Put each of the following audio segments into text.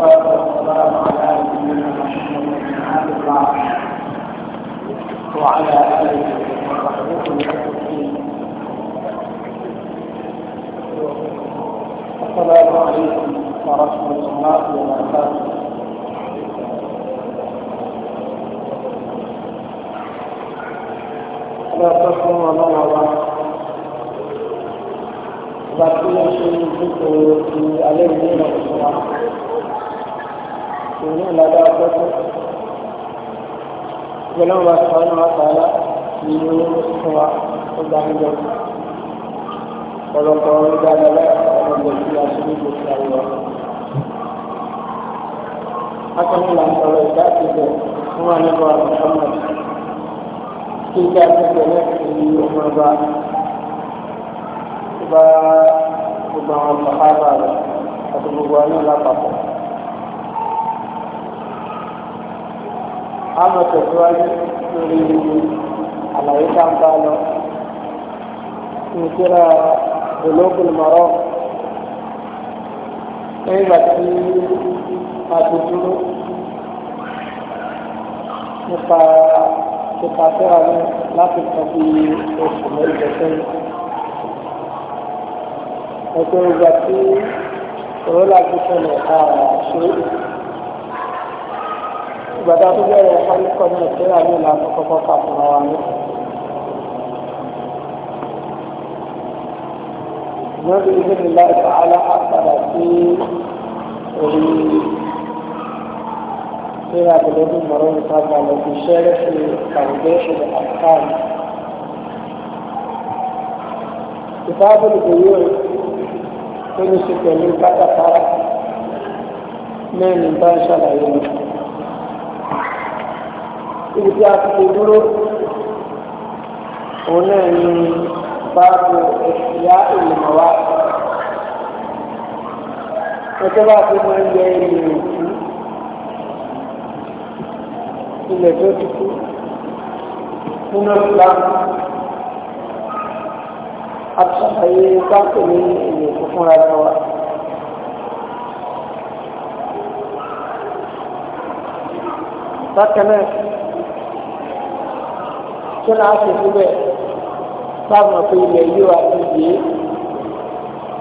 والصلاة والسلام على سيدنا محمد بن عبد الله وعلى آله وصحبه أجمعين السلام عليكم ورحمة الله وبركاته لا تكون الله ìgbà tí wọ́n ṣe ní ìdíje ti alẹ́ ìlú ìlú ìní ìlàdá ọgbẹ́sẹ̀ ìgbẹ́lẹ́wọ̀n bá sọ̀rọ̀ náà tààlà ní ìlú fún wa ó gbà ń jọ ọ̀rọ̀kọ̀ ọ̀rọ̀ ìgbà lọ́lá ọ̀rọ̀ ìgbà tí a ṣe ní gbèsè àríwá. akọni là ń sọ̀rọ̀ ìgbà tí bẹ̀ fún wa nípa àbùsọ̀nà kí ìgbà tí bẹ̀ di ọmọ a mọ̀ tẹ̀síwájú lórí àlàyé tá ń bá lọ nítorí Bulugul Maram nígbà tí a ti dúró nípa nípa tẹ́ra ní láti sọ bí oṣù mẹ́jọ sẹ́yìn. ẹgbẹ́ ìgbà tí òun láti sọ̀rọ̀ àṣírí. gbàdá tó bẹ̀rẹ̀ kálíkọ̀ náà tẹ́lá ní ìlànà kọ́kọ́ kà fúnra wa ní. lórí ìdílé láì sàálà àpàdà sí orí tẹ́lá tẹ̀lẹ́dù mọ̀rọ̀ ìtajà lọ sí ṣẹ́rẹ́ sí kàwé ìṣẹ̀lẹ̀ àkàrà. ìtajà lè yóò tó ní ṣe pẹ̀lú kátàkárà mẹ́rin bá ń ṣàlàyé wọn. ibi tí a ti lè dúró òun náà ni báàbò ìyá ènìyàn wa ẹjọ́ bá fi máa ń yẹ ènìyàn sí ilẹ̀ tó ti kú nínú ìlà àtúnṣàyè báàbò ní ènìyàn tó fúnra wa. bákan kí náà ṣe síbẹ̀ báwọn pé ilẹ̀ yìí wà ní yìí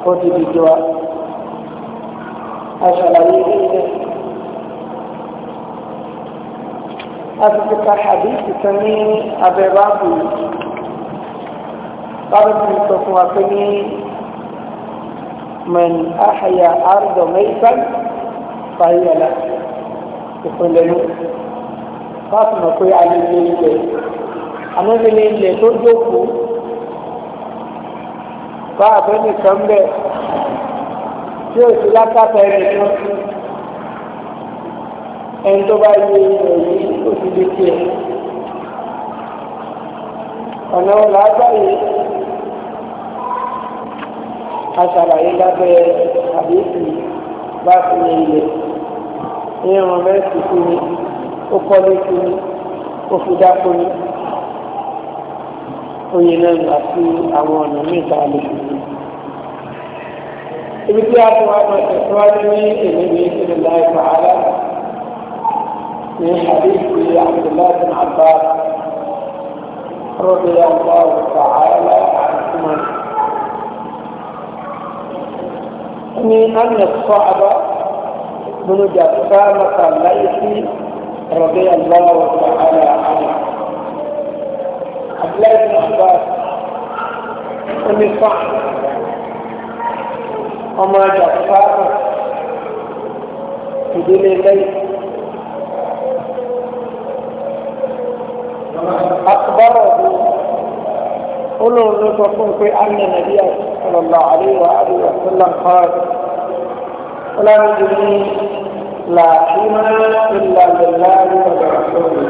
ó ti di jọ aṣàlàyé nílẹ̀. a ti ti ka hadithi kan ní abẹ́rẹ́ àbò yìí báwọn ti sọ fún wa pé ní من أحيا أرض ميتا فهي له ìpínlẹ̀ yìí fásitì mọ̀ pé a lè ṣe ilẹ̀ àmọ́ mi ní ilẹ̀ tó jókòó bá àbẹ́ni kan bẹ̀ tí ò sí lákàtà ẹni kan ẹni tó bá yẹ ilẹ̀ yìí ó ti di tiẹ̀ ọ̀nà ọ̀la aṣàlàyé lábẹ́ àbíkú bá fi ní ilẹ̀ irun rẹ̀ sì fún mi ó kọ́lé fún mi ó fi dáko ní. oyin lẹ́nu àti àwọn ọ̀nà mẹ́ta lè fi rí. ibi tí a ti wá máa tẹ̀síwájú ní èmi ní ìṣẹ̀lẹ̀ láì fàálà ní àdéhùn Abdullahi bin Abbas رضي الله تعالى عنهما من أن الصعب بن جسامة الليثي رضي الله تعالى عنه الله بن عباس أم صعب أما جعفر بدون الليل أخبره قلوا لكم في أن النبي صلى الله عليه وآله وسلم قال ولا يجري لا حين إلا بالله وبرسوله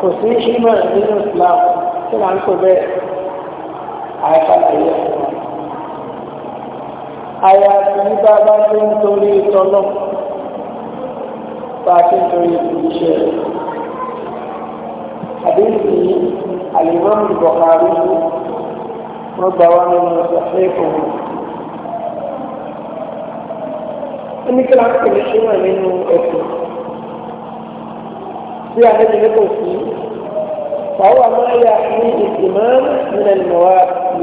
kò sí ìmọ̀ nínú Islam tí wọ́n ń pè bẹ́ẹ̀ àìfàlàyé fún wa. àyà àti bá bá ti ń torí tọ́lọ́ bá ti ń torí iṣẹ́ rẹ̀. àdéhùn yìí àlèmọ́mù Bukhari wọ́n gbà wá nínú ọ̀sẹ̀ fún wọn. ó wọ́n á pè ní ìmọ̀ nínú ẹ̀sìn tí a lẹ́yìn lẹ́kọ̀ọ́ sí fàwọn amáyà ní ìsìnmọ́ nínú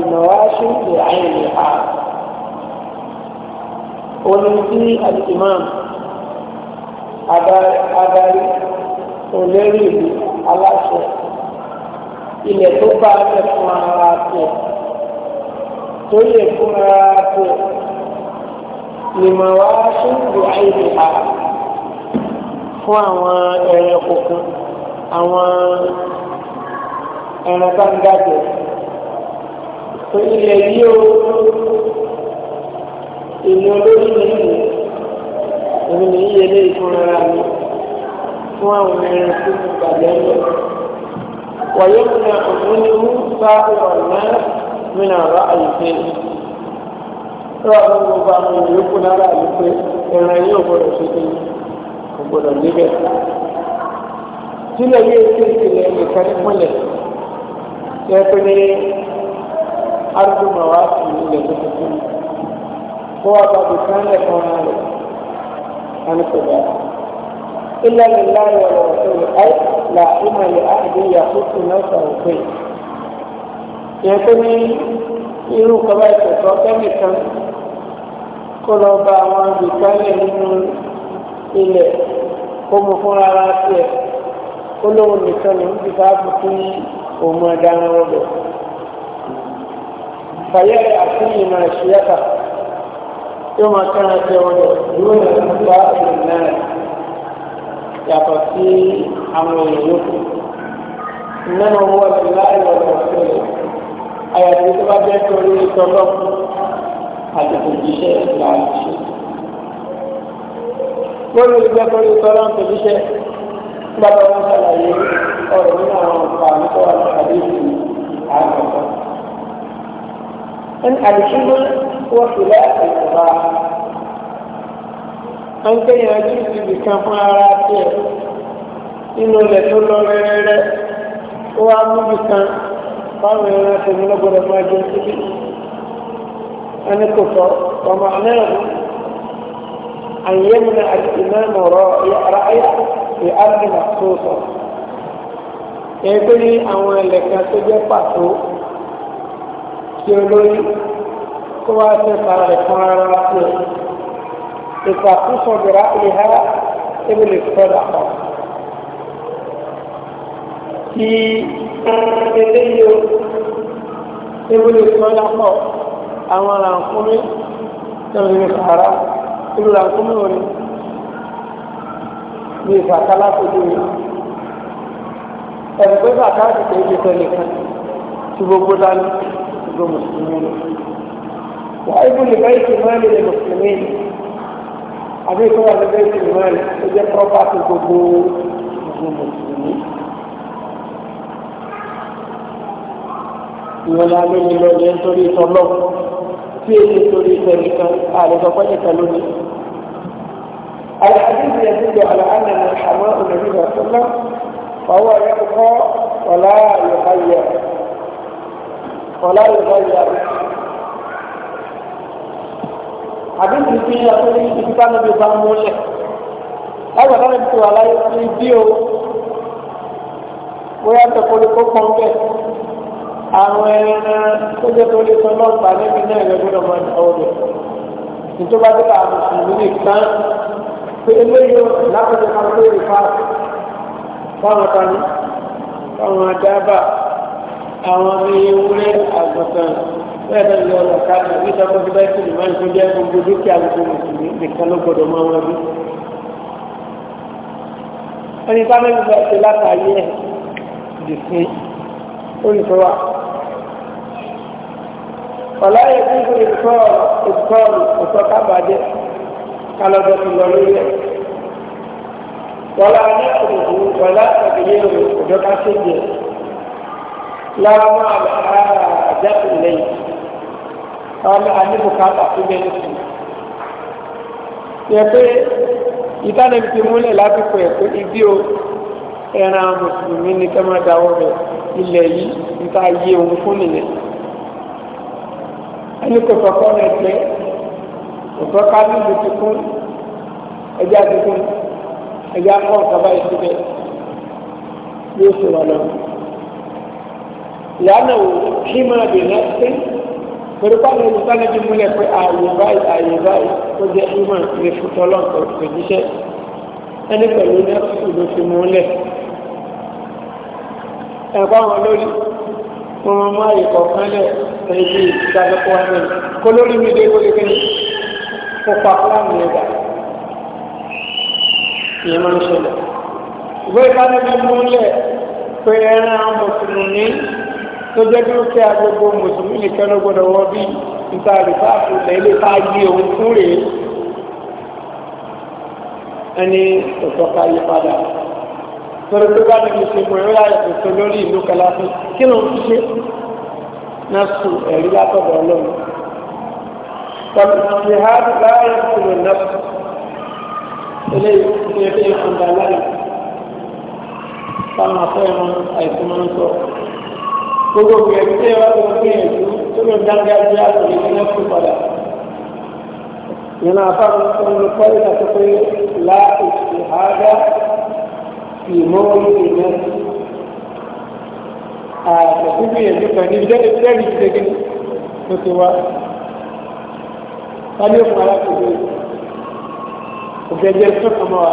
ìmọ̀wáṣú ní àyè ní a. Oni tí alìsìmọ́m adarí olórí aláṣẹ ilẹ̀ tó bá ẹ̀ fún ara tẹ̀ tó lè fún ara tẹ̀ ìmọ̀wáṣú ní àyè ní a fún àwọn ẹranko kan àwọn ẹran bá ń dàgbẹ́ tó ilẹ̀ yìí o èmi olórí mi nì èmi nìyí yẹlé ìfúnra mi fún àwọn ẹran tó ti gbàgbẹ́ lọ wàyé mi náà òun ni mú bá ọ̀nà mi náà rà àyùfẹ́ rà lọ́wọ́ bá mi yòókù náà rà àyùfẹ́ ẹran yóò gbọdọ̀ ṣe kéyìí kò gbọdọ̀ débẹ̀ sílẹ̀ yìí ti ìpìlẹ̀ nìkan ní pínlẹ̀ ṣe pé ní arúgbó wa sì ilẹ̀ tó ti fún kó wa bá bìí kan lẹ̀ kan náà lẹ̀ wọn ni kò dáa. إلا لله ولرسوله أي لا حكم لأحد يخص نفسه فيه يكون irú kaba ìtẹ̀sọ́ kẹ́mìkan kó lọ bá àwọn ibìkan lẹ̀ nínú ilẹ̀ kó mu fúnra ara tiẹ̀ ó lóun nìkan ní ti bá fi kí òun ọ̀daràn ọ̀dọ̀. fàyẹ̀ àfihàn ìmọ̀ ìṣúyàtà yóò máa kára jẹ ọ̀dọ̀ yóò yẹ nípa ìrìn náà yàtọ̀ sí àwọn èèyàn yòókù. nínú owó ọ̀sẹ̀ láì ọ̀dọ̀ ọ̀sẹ̀ àyàtọ̀ tó bá bẹ́ẹ̀ torí ìtọ́lọ́kù àtẹ̀tẹ̀ jíṣẹ́ ìlànà ìṣẹ́ lórí olùgbé pẹ̀lú tọ́lá ń tẹ̀líṣẹ́ gbàgbọ́ wọn ṣàlàyé ọ̀rọ̀ nínú àwọn àǹfààní tó wà ní àdéhùn àgbàgbọ́. ẹni àdéhùn wọ́n fi láti ìtura à ń kéyàn ojú ìbí kan fún ara tiẹ̀ nínú ilẹ̀ tó lọ rẹ́rẹ́rẹ́ ó wá múbi kan báwọn ẹran ṣe ní lọ́gbọ̀dọ̀ máa jẹun síbí ẹni kò sọ ọmọ náà أن يمنع الإمام رأي في أرض مخصوصة ẹgbẹ́ ní àwọn ẹlẹ́ka tó jẹ́ pàtó tí olórí kó wá sẹ́ta rẹ̀ fún ara sí ìpàkúsọ̀ bẹ̀rẹ̀ àpèlè ha ebi lè fẹ́ dàpọ̀ kí eléyìí o ebi lè fẹ́ dàpọ̀ àwọn àǹfọ̀mí tó lè fara irú ra nkúmi wọn ni ní ìfàkà lápòjú rẹ ẹ̀rù pé bàtà ti tẹ̀ ẹ́ tẹ̀lé kan tí gbogbo dání tí gbogbo mùsùlùmí lọ. wàá ibú lè bá ìsìn máa lè lè mùsùlùmí àbí ìkọ́wà lè bá ìsìn máa lè ó jẹ́ pọ́pátì gbogbo gbogbo mùsùlùmí. ìwọ̀n la ló ní lọ́ọ́ jẹ́ nítorí tí o lè torí ìfẹ̀mí kan àlùkọ́kọ́ nìkan lónìí. الحديث يدل على أن من النبي صلى الله عليه وسلم فهو يبقى ولا يغير ولا يغير àdúgbò tí a tó ní ibi táwọn ibi bá mú lẹ láyé ọ̀gá lè tó aláyé àwọn ẹran tó jẹ́ tó lè sọ lọ́pàá níbi náà ẹ̀rẹ́ gbọ́dọ̀ máa dá ọ̀rọ̀ nítorí bá dẹ́ka mùsùlùmí nìkan pé eléyìí lápẹ̀jọ kan tó rí fa fáwọn kan fáwọn adábà àwọn ewúrẹ́ àgùntàn bẹ́ẹ̀ bẹ́ẹ̀ lọ lọ́ka ní ìtọ́kọ́ tó bẹ́ẹ̀ tìlú máa ń tó jẹ́ gbogbo dúkìá gbogbo mùsùlùmí nìkan ló gbọ́dọ̀ máa wọ́n bí. ẹni bá mẹ́rin bá ṣe látàyé ẹ̀ dì olùsọ́wà ọ̀láyé kúkú ìkọ́ ìkọ́ ìkọ́ kábàjẹ́ kálọ́dọ̀ tó lọ lórí ẹ̀ wọ́lá ní òkùnkù wọ́lá ìpàdé òjò ká ṣèjì láwọn àjákùn lẹ́yìn àwọn àníbùkátà tó bẹ́ẹ̀ nìkan yẹ pé ìtànẹ́bí ti múlẹ̀ lásìkò ẹ̀ pé ibi o ẹran mùsùlùmí ni kẹ́mọ́ dáwọ́ bẹ́ẹ̀ ilẹ̀ yìí níta yé òun fún nìyẹn ẹni kò sọ̀kọ́ rẹ̀ pé òtọ́ kábíyèsí ti kún ẹja ti kún ẹja kọ́ ọ̀kadà ìsibẹ̀ yóò ṣe wà lọ́wọ́ ìyáná wò kí máa bè náà pé pẹ̀lú pàdé olùsánẹ́bí múlẹ̀ pé ààyè báyìí ààyè báyìí ó jẹ́ ìmọ̀ ìrẹsùtọ́ lọ́nkọ̀ọ́ ìṣẹ́ ẹni pẹ̀lú náà tó fi múlẹ̀ ẹ̀kọ́ wọn lórí wọn máa yẹ kọ̀ọ̀kan lẹ̀ ẹ̀yẹ́dì ìdálẹ́kọ̀ wọn lórí kó lórí mi dé kó kékeré kó pa fúlàní ẹ̀dá ìyẹn máa ń ṣẹlẹ̀ ìwé ìbánibí múlẹ̀ pé ẹran mùsùlùmí tó jẹ́ bí ó kí agbègbè mùsùlùmí nìkan ló gbọ́dọ̀ wọ bí níta rìsáàfù lẹ́lẹ́ tá a gbé òun fún rèé ẹni òtọ́ka yí padà torí pé bá níbi ṣe mọ̀ ẹ̀rọ àìsàn lórí ìlú kalafi kí ló ń ṣe náà sùn ẹ̀rí látọ̀dọ̀ ọlọ́run tọ́lùmọ̀tì ha láàyè kúrò náà eléyìí ní ẹgbẹ́ ìfúnda láyè táwọn afẹ́ràn àìsàn máa ń sọ gbogbo ìgbìyànjú tí wọ́n ti gbìyànjú tó ló dáńgá jẹ́ àtòlè ní ẹ̀kú padà yẹn náà fáwọn tó ń lo pọ́lì pé láì ṣe ìmọ̀ọ́lù ìmọ̀ àtẹ̀sígbìyànjú kan ní ìjẹ́lẹ̀ tẹ́lì ìṣẹ́gẹ́ tó ti wá wálé fún alákòókò òbẹ̀jẹ̀ tó kàn mọ́ wa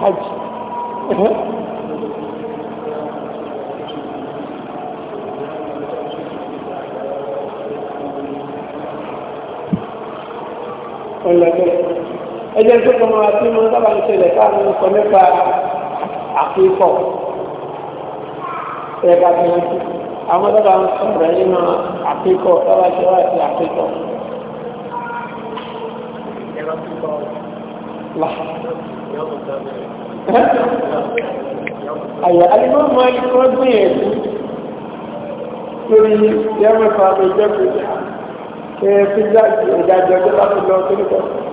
hajj ọlọ́dọ̀ ẹjẹ tó kọ́ máa fi máa sábà ń ṣẹlẹ̀ káàmù sọ nípa àkíkọ̀ ẹ̀ka tó ń tu àwọn sábà ń sọ̀rọ̀ nínú àkíkọ̀ sábà ṣe wá sí àkíkọ̀. Àyà alimọ́ máa ń kọ́ gbìyànjú lórí yẹ́mẹ̀fà lójọ́ kejì kẹ́ẹ̀ẹ́fíjáàjì ìdájọ́ tó bá fi lọ sórí kọ́sì.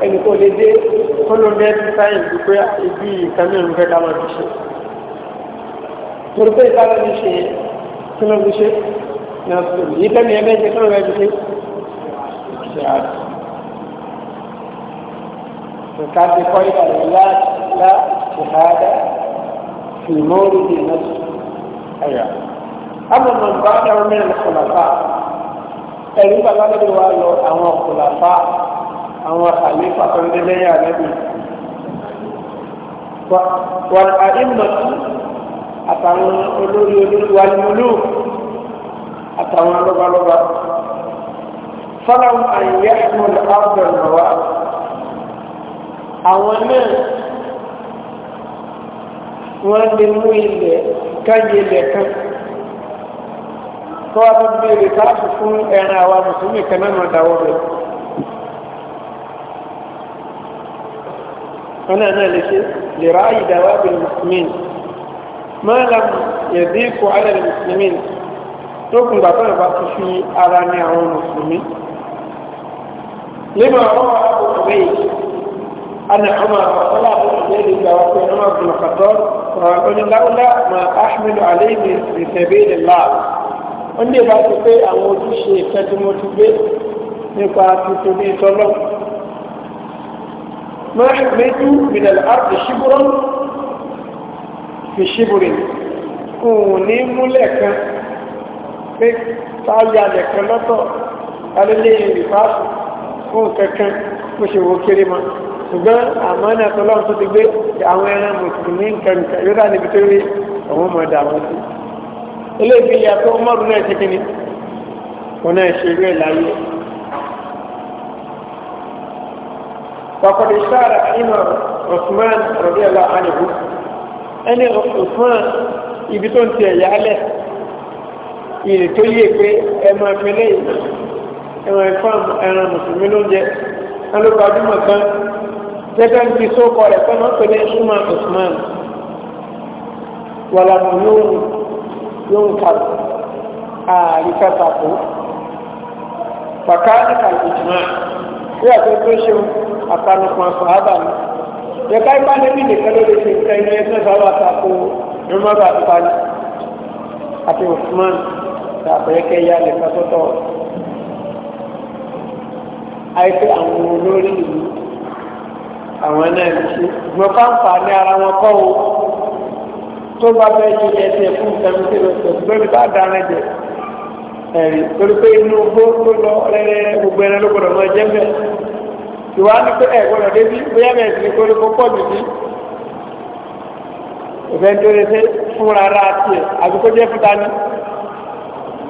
ẹnì kò lè dé kólóńdé sáyẹ̀nsì pé ibi ìkànnì ìlú fẹ́ ká máa fi ṣe torí pé ìkànnì fi ṣe kí ló fi ṣe yìí tẹ́lẹ̀ ẹ̀ bẹ́ẹ̀ ṣe kí ló ṣe nǹkan ti kọ́ ìdàgbẹ́ láàlá ìhádà fìmọ́rì ìnáṣù ẹ̀yà. أما من بعده من الخلفاء ẹ̀rí bàbá lórí wa lọ àwọn ọ̀kùnlàfà àwọn àléfà tó ń dé lẹ́yìn àlẹ́bí wà àìmọ̀tú àtàwọn olórí olórí wà lúlú àtàwọn lọ́balọ́ba fọláwọn àyè ẹ̀mọ́ lọ́wọ́ lọ́wọ́ àwọn náà wọ́n lè mú ilẹ̀ káyé ilẹ̀ kan kọ́ wa tó bèèrè káàkiri fún ẹran àwa mùsùlùmí kan náà dáwọ́ bẹ̀rẹ̀. wọn náà náà lè ṣe lè ráàyè dáwà bí mùsùlùmí máa làm yẹ̀dí kó alẹ́ lè mùsùlùmí tó kùn gbàtọ́ ìbá ti fi ara ní àwọn mùsùlùmí. lẹ́nu àwọn arábòkùn bẹ́ẹ̀ أن عمر طلع ذلك وكان عمر بن الخطاب وقال لولا ما أحمل عليه في سبيل الله ó ní ìbá ti pé àwọn ojúṣe ìfẹ́ tí mo ti gbé nípa tuntun ní ìtọ́lọ́ ما حميت من الأرض شبرا في شبر òní múlẹ̀ kan pé táyà lẹ̀kan lọ́tọ̀ alẹ́lẹ́ ìrìfáàsù fún kankan kó ṣe wo kéré ma ṣùgbọ́n àmọ́nà tọ́lọ́run tó ti gbé àwọn ẹran mùsùlùmí nǹkankan yóò dá níbi tó rí àwọn ọmọ ẹ̀dá sí وقد اشار عمر عثمان رضي الله عنه ẹni Usman ibi tó ń tẹ̀ yálẹ̀ ìrì tó yé pé ẹmọ ìpínlẹ̀ ẹmọ ìfam ẹran mùsùlùmí ló ń jẹ alóba dúmọ̀ kan gẹ́gẹ́ bí sókọ rẹ̀ fẹ́ máa pèlè ṣúmọ̀ Usman wà lábùn yóò ń kà ààrí kàtàkù pàkà ní kàlùkù jùmọ̀ bí àti tó ṣe àpanupọ̀ àfàábà ni yẹ̀ká ipá níbi nìkan ló lè ṣe nǹkan ilé ẹgbẹ́ sábà tako ìrúmọ́gbà àtìpáyé àti Usman àpẹẹkẹ ya lè fasọ́tọ̀ àìpé àwọn olórí ìlú àwọn náà ń ṣe gbọ́n fáǹfà ní ara wọn kọ́ o tó bá fẹ́ ṣe ẹsẹ̀ fún ìtẹ̀mísẹ́ lọ́sọ̀tún lórí bá dáná jẹ ẹ̀rí torí pé inú gbó tó lọ rẹ́rẹ́ gbogbo ẹran ló gbọdọ̀ mọ ẹjẹ́ mbẹ́ ìwà ni pé ẹ̀ gbọdọ̀ débi bóyá bẹ́ẹ̀ sì ni kó ló kó pọ̀ jù sí ìfẹ́ tó lè ṣe fúnra ara tiẹ̀ àbí kó jẹ́ fúta ní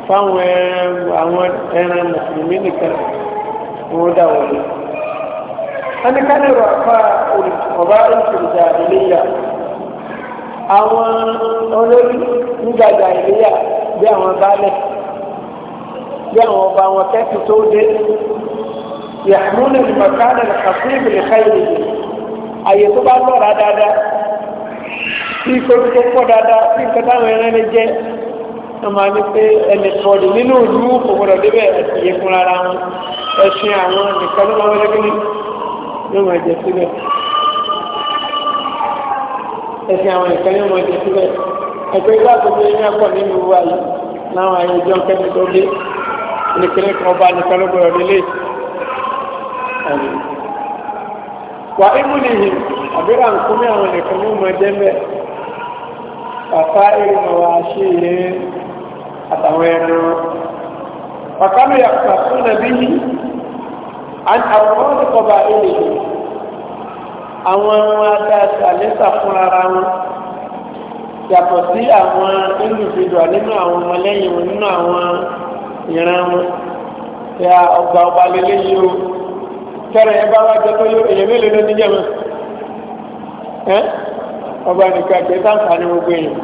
fáwọn àwọn ẹran mùsùlùmí nìkan wọn dà wọlé. wọ́n ní kánú rọ̀ fà ọ̀bá ìléyà àwọn olórí nígbàgbà ìléyà bí àwọn baálẹ̀ yẹn wọn bá wọn kẹ́kì tó dé yàtúndé mọ̀kánà kàfíìmù lè káyìí àyè tó bá lọ́ra dáadáa tí ìkọ́jú tó pọ̀ dáadáa tí nǹkan táwọn ẹran lè jẹ́ wọ́n máa ní pé ẹnì kan ọ̀dùn nínú ìlú kò gbọ́dọ̀ débẹ̀ ẹ̀sìnyẹ fún ara wọn ẹ̀sìn àwọn nìkan ló máa wọlé kíni ló máa jẹ síbẹ̀ ẹ̀sìn àwọn nìkan ló máa jẹ síbẹ̀ ẹ̀pẹ́ ìgbà gbogbo yẹn kọ̀ nínú wa yìí láwọn àyè ìjọ kẹ́mi tó dé ní kíní kan ọba nìkan ló gbọ́dọ̀ nílé wà ímúlìhì àbí rànkúmí àwọn nìkan ní ọmọ ẹjẹ mẹ bàbá ìrìnà wa ṣe yé àtàwọn ẹran bàkánù yàtọ̀ fún nàbí yìí àwọn ọmọdé kọba ìlú ara wọn yàtọ̀ sí àwọn individual nínú àwọn ọmọlẹ́yìn nínú àwọn ìran wọn tí a ọgbà ọba lélẹ́ yìí o tẹ́rẹ̀ ẹ bá wá jẹ tó yóò èyàn mélòó ló ní jẹ́ mọ́ ẹ́ ọba nìkan àti ẹ̀ta nǹkan gbogbo èèyàn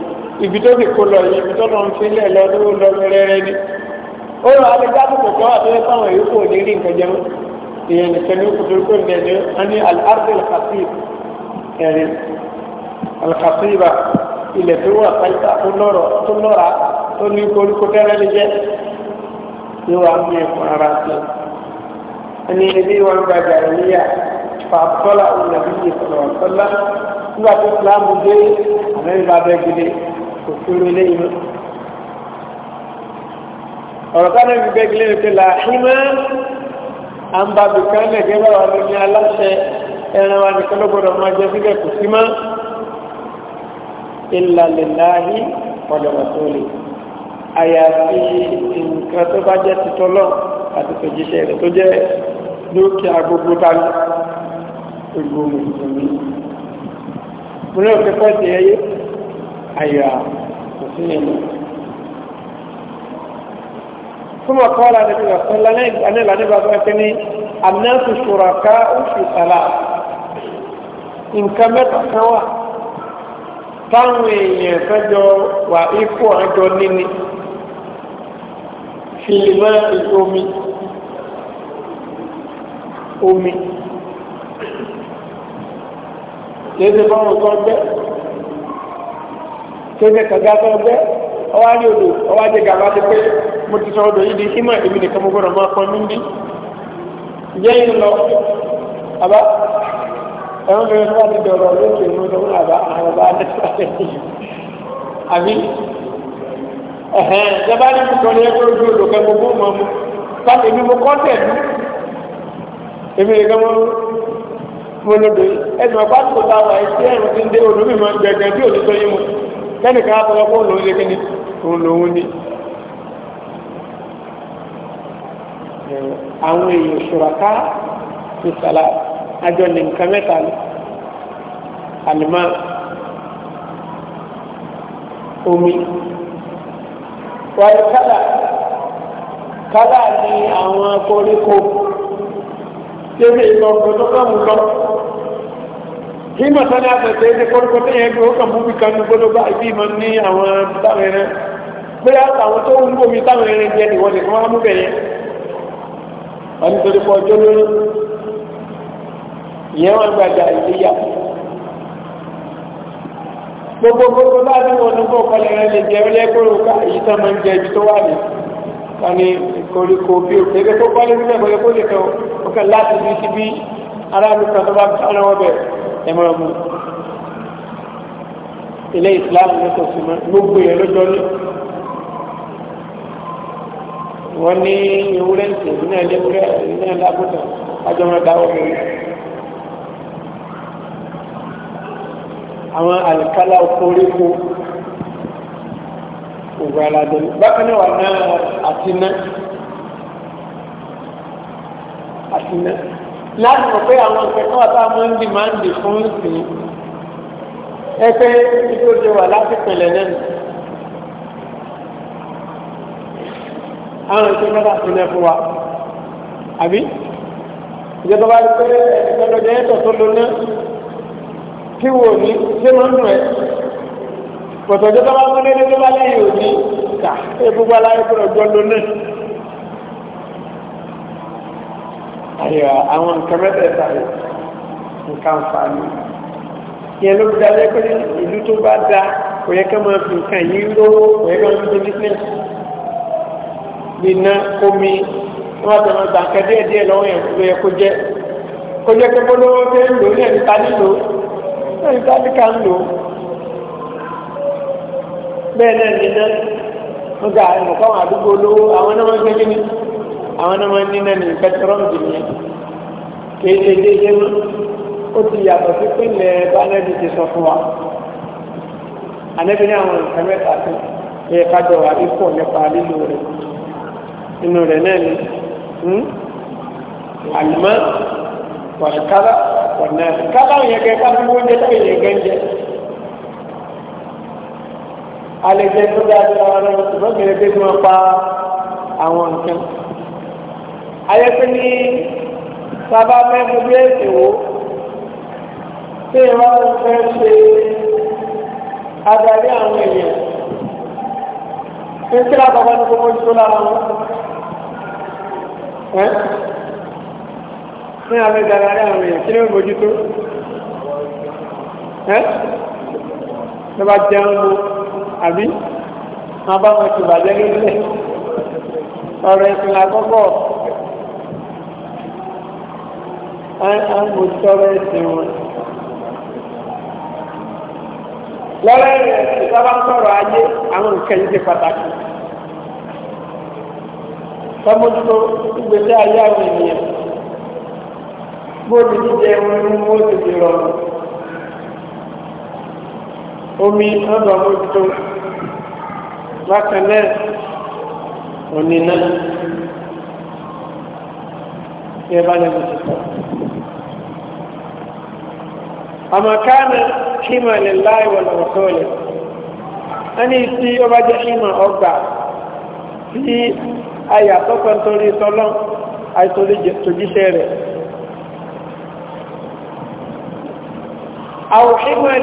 ibi tó fi kó lọ yìí ibi tó lọ ń fi lẹ̀ lọ ló lọ rẹ́rẹ́ ni ó lọ alẹ́gbẹ́ àbùkù kan àti ẹ̀ta àwọn èyí kò ní rí nǹkan jẹ mọ́ èèyàn nìkan ní kòtò kò ní ẹni a ní al-ardi al-khatib ẹ̀rí al-khatiba ilẹ̀ tó wà pẹ́ẹ́ta tó lọ́rọ̀ tó lọ́ra tó ní koríko tẹ́rẹ́ lè jẹ́ ló wà mí ẹ̀kọ́ ara tó ẹni ẹbí wọn gbàgbà ìníyà fàtọ́lá ònàbí ìsọ̀rọ̀ ọ̀tọ́lá nígbà tó fìlàmù dé àmẹ́rin bá bẹ́ẹ̀ gidi kò fúru lẹ́yìn mọ́. ọ̀rọ̀ ká lẹ́yìn bẹ́ẹ̀ gidi lè tẹ̀lé àhímọ́ àǹbàbì kan lẹ́gẹ́ bá wà lóní aláṣẹ ẹran wa nìkan ló gbọdọ̀ máa jẹ síbẹ̀ kò sí ìlàlẹ̀ láàyè ọ̀dọ̀ wà tó lè àyàfi nǹkan tó bá jẹ́ títọ́ lọ àti tòjíṣẹ́ rẹ̀ tó jẹ́ lókè gbogbo tánú gbogbo mùsùlùmí mo ní òfin fẹ́ ti ẹyẹ àyà òfin ẹ̀mọ́ fún ọkọ ọ̀la níbi ọ̀sán lánàá nígbà tó ẹ̀kẹ́ ní anáàtù táwọn èèyàn fẹ́ wà ikú àjọ níní fi mẹ́ omi omi kéde bọ́ọ̀rù kan gbẹ́ kéde kàga kan gbẹ́ ọwá ní odò ọwá jẹ gàba ti pé mo ti sọ odò yìí di ìmọ̀ èmi nìkan mo gbọ́dọ̀ máa pọn níbi jẹ́ ìlú lọ àbá ẹ̀wọ̀n mi wá ti dọ̀rọ̀ lókè ní ọdún àbá àwọn ọba adé àbí ẹ̀hẹ́n ìjọba ní kùtọ́lé ẹgbẹ́ ojú odò kẹ́ gbogbo mọ́ mu láti ibi mo èmi mọ́ mo lòdì ẹ̀sìn ọ̀pá tó ta wà ẹ̀sì ẹ̀rùn ti ń dé odò mi mọ́ bí mu lé kíni wàlú kálà kálà ni àwọn koríko débi ìlọgbọ tó kàn mú lọ kí màtá ní àtẹ̀tẹ̀ ẹni koríko tó yẹn gbé ó kàn mú mi kan ní gbọdọ̀ bá ibi ìmọ̀ ní àwọn táwọn ẹran pé àtàwọn tó ń gbòmí táwọn ẹran jẹ nìwọ̀n nìkan wọn á mú bẹ̀yẹn wọn nítorí pọ̀ ọjọ́ lórí wọn gbàgbà ìdíyàwó gbogbo gbogbo láti wọn ní kó kọlẹ̀ rẹ lè jẹ́ lẹ́kọ̀ọ́ ká èyí tán máa ń jẹ ibi tó wà ní kàní koríko bí o pé kó kọ́lẹ̀ nílẹ̀ kọ́lẹ̀ kó lè kẹ́ o láti bí síbí aráàlú tó bá ń sáré wọn bẹ̀ ẹ̀ mọ̀ ilé islam ní kò sí mọ́ gbogbo yẹn lójọ́ ní. wọ́n ní ewúrẹ́ ìṣèlú náà lé àwọn àlìkálà okoríko òwò aládé bákan náà wà náà àti ná àti ná láti mọ̀ pé àwọn akẹ́kọ̀ọ́ àtàwọn máa ń di máa ń di fún ìsìn ẹgbẹ́ tó ṣe wà láti pẹ̀lẹ̀ náà àwọn ìṣẹ́ mẹ́ta sí náà fún wa àbí ìjọba bá rí pé ẹ̀ẹ́dẹ́gbẹ́jọ tó lóná tí wò ní ṣé máa ń dùn ẹ́ pọ̀tọ̀jọ́ tó bá mú ní tó bá lẹ́yìn òní kà ebúgbó aláyébúrò gbọ́ndó náà. àyà àwọn nǹkan mẹ́tẹ̀ẹ̀ta rẹ̀ nǹkan fàánù ìyẹn ló fi dájẹ́ pé ìlú tó bá dá kò yẹ ká máa fi nǹkan yìí lówó kò yẹ ká máa fi bísíǹsì bí iná omi wọ́n bá tẹ̀wọ́n gbà nǹkan díẹ̀díẹ̀ lọ́wọ́ yẹn kó yẹ kó jẹ́ kó jẹ́ pé bọ́lọ́wọ́ fẹ́ lò ní ẹ̀ náà ní tálíkà ń lò ó bẹ́ẹ̀ náà ní náà wọ́n gba ẹ̀mọ̀kọ́ àwọn àdúgbò olówó àwọn náà wọ́n ń gbẹ́gbẹ́ ní àwọn náà wọ́n ní náà ní pẹtrọ́ǹdì ní kéde déédéé mọ́ ó ti yàtọ̀ sí pínlẹ̀ bánẹ́bí ti sọ fún wa ànẹ́bí ní àwọn nǹkan mẹ́ta sí ẹ̀ kájọ wà ní pọ̀ nípa lílo rẹ̀ inú rẹ̀ náà ní hmm? àlùmọ́ wàlú kálá wọnà kálá yẹn kẹ ká fún oúnjẹ tó yẹ gẹ́ńjẹ. alẹ́ jẹ́ tó dáa tó ara rẹ̀ ṣùgbọ́n mi rẹ̀ tó máa pa àwọn nǹkan. ayé pé ní sábà mẹ́fún bí èsì wò tí ìwà fẹ́ ṣe adarí àwọn èèyàn. ní sílá bàbá ní kókó ìṣó lára wọn ní abẹ́ dáradára àwọn èèyàn kí ní ó bójú tó ẹ́ tó bá jẹun mú àbí wọn bá wọn ti bàjẹ́ lórílẹ̀ ọ̀rọ̀ ẹ̀sìn lákọ́kọ́ á mú tọrọ ẹ̀sìn wọn lọ́rọ̀ ẹ̀sìn sábà ń sọ̀rọ̀ ayé àwọn nǹkan yìí ti pàtàkì tọ́mọ́tò ìgbésẹ̀ ayé àwọn ènìyàn bóòlù jíjẹ omi mú ó tètè rọrùn omi ọ̀dọ̀ mójútó bákan náà òní náà ní ẹbá lẹ́nu ti sọ. àmọ̀kánà kíma lè láì wọ̀nà wọ̀sọ́ọ̀lẹ̀ ẹni tí ó bá jẹ́ kíma ọgbà tí ayàtọ́kọ̀ nítorí sọlọ́ àìsàn lè tòjíṣẹ́ rẹ̀. أو حمى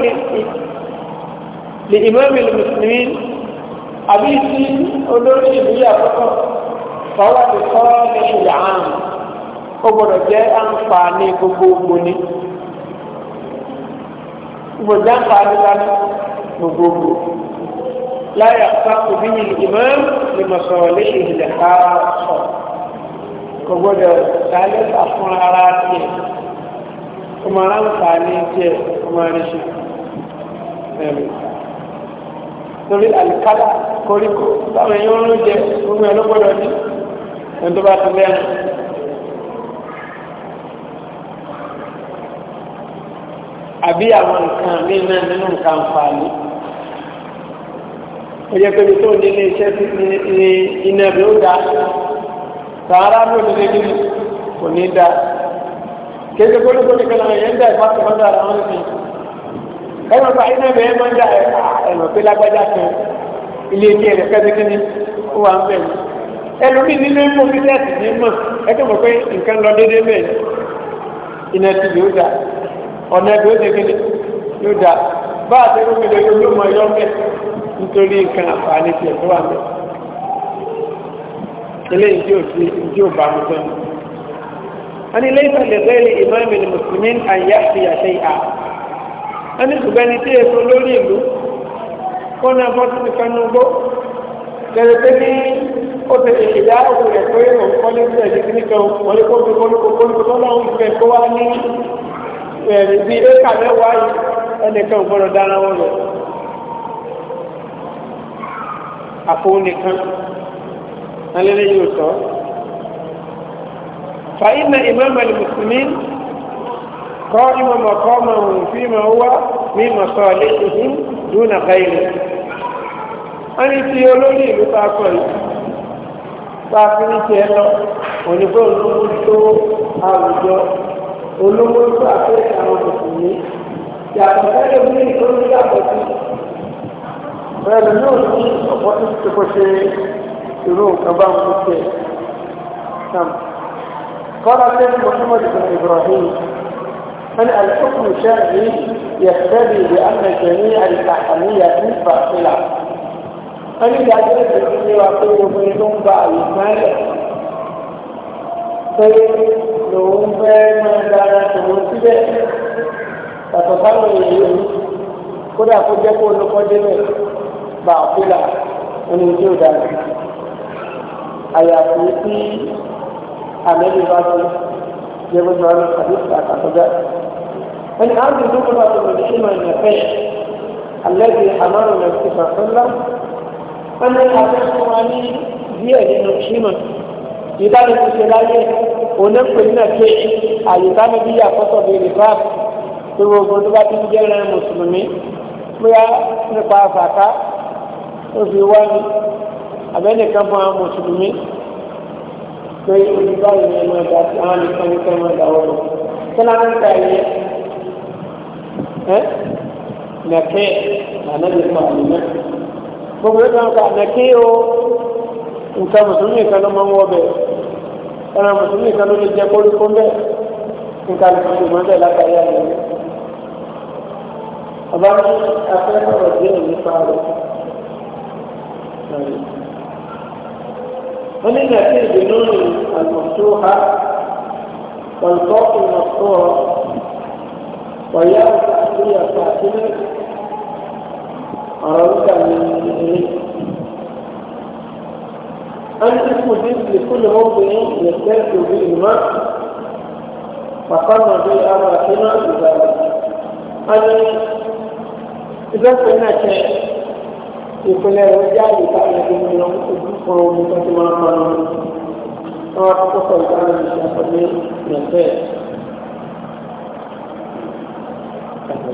لإمام المسلمين أبي سين أولوش بيا فقط فهو لصالح العام أبو رجاء أنفاني كبوبني أبو رجاء أنفاني كبوبني لا يختص به الإمام لمصالحه الخاصة كبوبني ثالث أفضل أراتيه ọmọ aráǹfà ní jẹ́ ọmọ aríṣẹ́ ẹ̀rù torí àlìkálà koríko táwọn èèyàn ń jẹ gbogbo ẹ̀ ló gbọ́dọ̀ ní ẹni tó bá ti lẹ́nu. àbí àwọn nǹkan míì náà nínú nǹkan fàálì ó yẹ pé tó ní ilé iṣẹ́ tí ní iná bí ó dá sàárà ló kéde kó ní kó ní kẹlẹ́ yẹn ń dá ìfá tẹ̀wọ́n dá àwọn ẹ̀sìn ẹ̀rọ pa iná bẹ̀rẹ̀ máa ń dá ẹ̀rọ pé lágbájá kan ilé tí ẹ̀rẹ̀ fẹ́ bíkí ni ó wà ń bẹ̀ ni ẹlòmíì nínú mú bí tẹ́sì ní mọ̀ ẹ̀kẹ́ mọ̀ pé nǹkan lọ déédéé bẹ́ẹ̀ iná ti yóò dá ọ̀nà ẹ̀dọ́ ó déédéé ni yóò dá bá a tẹ́lú mi lọ yóò ló mọ ẹyọ mẹ́ nítorí nǹkan àǹfààní tiẹ̀ tó wà mẹ́ eléyìí tí ò sí tí ò bá mi sẹ́nu wọ́n ní lẹ́yìn lè bẹ́ẹ̀lì ìmáàmì ní mùsùlùmí àyà àti àṣẹ ìhà wọ́n ní ṣùgbọ́n ní tí èso lórí ìlú kó náà bọ́ sí ìfanugbó lẹ́yìn pé ní ó ti ṣe ìdá òkú rẹ̀ pé òun kọ́ lé sí ẹ̀jẹ̀ kan wọ́n ní kó fi kólókó kólókó tó náà ń fẹ́ kó wá ní ẹ̀rí bíi éka mẹ́wàá yìí ẹnìkan ò gbọ́dọ̀ dára wọn lọ. àfọwọ́ nìkan alẹ́ lẹ́yìn òtọ́ فإن إمام المسلمين قائم مقامه فيما هو من مصالحهم دون غيره ẹni tí olórí ìlú ta sọ yìí ta fi ní tiẹ̀ lọ òyìnbó olówó tó àwùjọ olówó tó àfẹ́sẹ̀ àwọn mùsùlùmí yàtọ̀ sẹ́lẹ̀ bí ìtọ́jú yàtọ̀ sí bẹ́ẹ̀ ni yóò ní ọ̀pọ̀ tó ti kó ṣe irú nǹkan bá ń kú tiẹ̀ náà. قال سيدنا محمد بن إبراهيم أن الحكم الشرعي يقتضي بأن جميع التحمية باطلة أن إذا جلس الدنيا وقيل منهم بعض ماذا طيب لو هم ما دارت مرتبة تتصور إليه كنا قد يكون قدمه باطلة من وجودها أياتي àmẹ́lì bá ti jẹ́wọ́n náà ní àdéhùn àkàtọ́jà. wọ́n ní àwọn ìdókò bá tó lòdì sí ìmọ̀ ìyẹ̀fẹ́ alẹ́bí àmọ́rùn rẹ̀ ti fà fún lọ. wọ́n ní àfẹ́fún wa ní díẹ̀ nínú ìmọ̀ ìdánilẹ́bí ṣe láyé onípele náà pé àyíkáníbí àkọ́sọ̀ bèrè fáàpù tó gbogbo tó bá ti ń jẹ́rẹ̀ mùsùlùmí bóyá nípa àfàká ó fi wá ní àbẹ́nìkan fún àwọn mùsùlùmí tó yẹ ojú báyìí ní ẹmọ ẹ̀dá tí àwọn nìkan ní kẹmọ ẹ̀dá wọn lọ sọlá ní ká yẹ ẹ nàkẹ ànábi fún àmì náà gbogbo ẹgbẹ́ wọn ká nàkẹ o nǹkan mùsùlùmí kan ló máa ń wọ bẹ́ẹ̀ ẹran mùsùlùmí kan ló lè jẹ kórìkó bẹ́ẹ̀ nǹkan mùsùlùmí máa ń bẹ látàrí àná ọba ní afẹ́fẹ́ ọ̀rọ̀ díẹ̀ nípa rẹ̀. ومن في الجنون المفتوحة والفوق المفتوح وياء تحتية ساكنة أراك من أن اسم جد لكل موضع يشترك به الماء فقام بالأمر هنا بذلك أن إذا كنا شيء ìpínlẹ̀ rẹ̀ jẹ́ àyè táwọn ẹgbẹ́ mi lọ ojú kan omi tó ti máa ń pa wọn. wọ́n á kọ́kọ́ sọ ìdáhùn ìṣẹ́ àtọ́lé ìrẹ̀fẹ́. wọ́n ti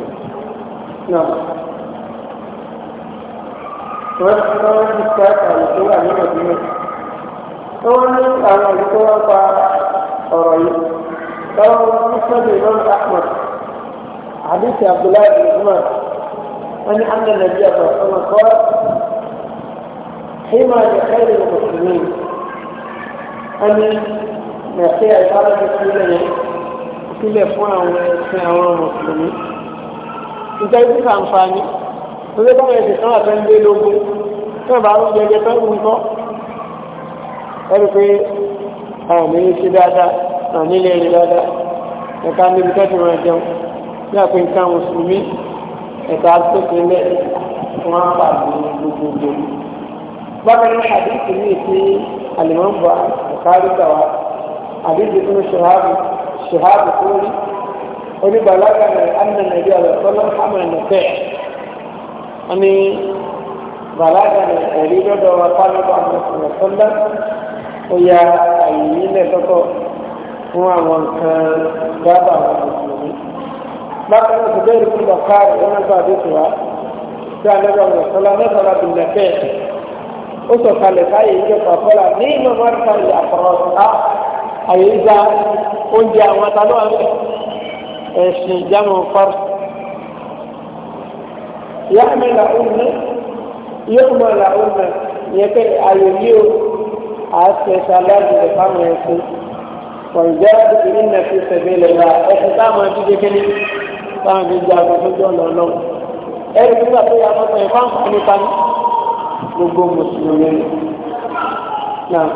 sọ wọ́n ti sọ àtàlù tó wà ní ọ̀dúnrún. wọ́n ní àwọn olùkọ́ wọn pa ọ̀rọ̀ yìí. báwo ni sọ́dọ̀ ìmọ̀ àpọ̀ àdìsí Abdullahi Usman. أن أن النبي صلى الله عليه وسلم قال حمى لخير المسلمين أن نسيء عبارة المسلمين كل fún àwọn ẹ̀sìn المسلمين. mùsùlùmí nítorí tí sàǹfààní lórí báwọn ẹ̀sìn kan àtẹ́ ń gbé lógún tí wọ́n bá ń jẹjẹ tó ń kọ́ ẹ̀rù pé àmì ṣe dáadáa àmì ilé rẹ̀ dáadáa ẹ̀ka níbi tẹ́tù rẹ̀ jẹun ní àpé mùsùlùmí ẹ̀ka gbẹ́gbẹ́lẹ́ wọn á pàdé gbogbogbò. bákan náà àdéhùn ní ètè àlèmọ́bà àkárí tàwa àdéhùn tó ń ṣèhábù ṣèhábù tó rí oníbàlágà rẹ̀ ánà nàìjíríà rẹ̀ tọ́lá hàmà nàfẹ́ wọn ni bàlágà rẹ̀ ẹ̀rí lọ́dọ̀ wa pálọ́bà nàfẹ́ tọ́lá ó ya àyè nílẹ̀ tọ́tọ̀ fún àwọn kan dábàá wọn mùsùlùmí bákan náà zubairu bin bakar wọn náà bá a dùn wá tí a lọ́dọ̀ wọn sọlá náà sọlá bin nàfẹ́ ó sọ kalẹ̀ káyé ìjọ pàfọ́lá ní ìmọ̀ márùkà yìí àkọ́rọ́ ta àyè ìjà oúnjẹ àwọn àtàlọ́ àmì ẹ̀sìn ìjánu fárú. ìyá mi là ń mú yóò mọ̀ là ń mọ̀ yẹn pé àyè yìí o àti ẹ̀sìn aláàbò fáwọn ẹ̀sìn. ويجاهد إن في سبيل الله إحسان ما تجي táwọn méjì aago lójú ọ̀nà ọlọ́run ẹni nígbà tó yà mọ́tò ẹ̀fọ́ àǹfààní kan gbogbo mùsùlùmí náà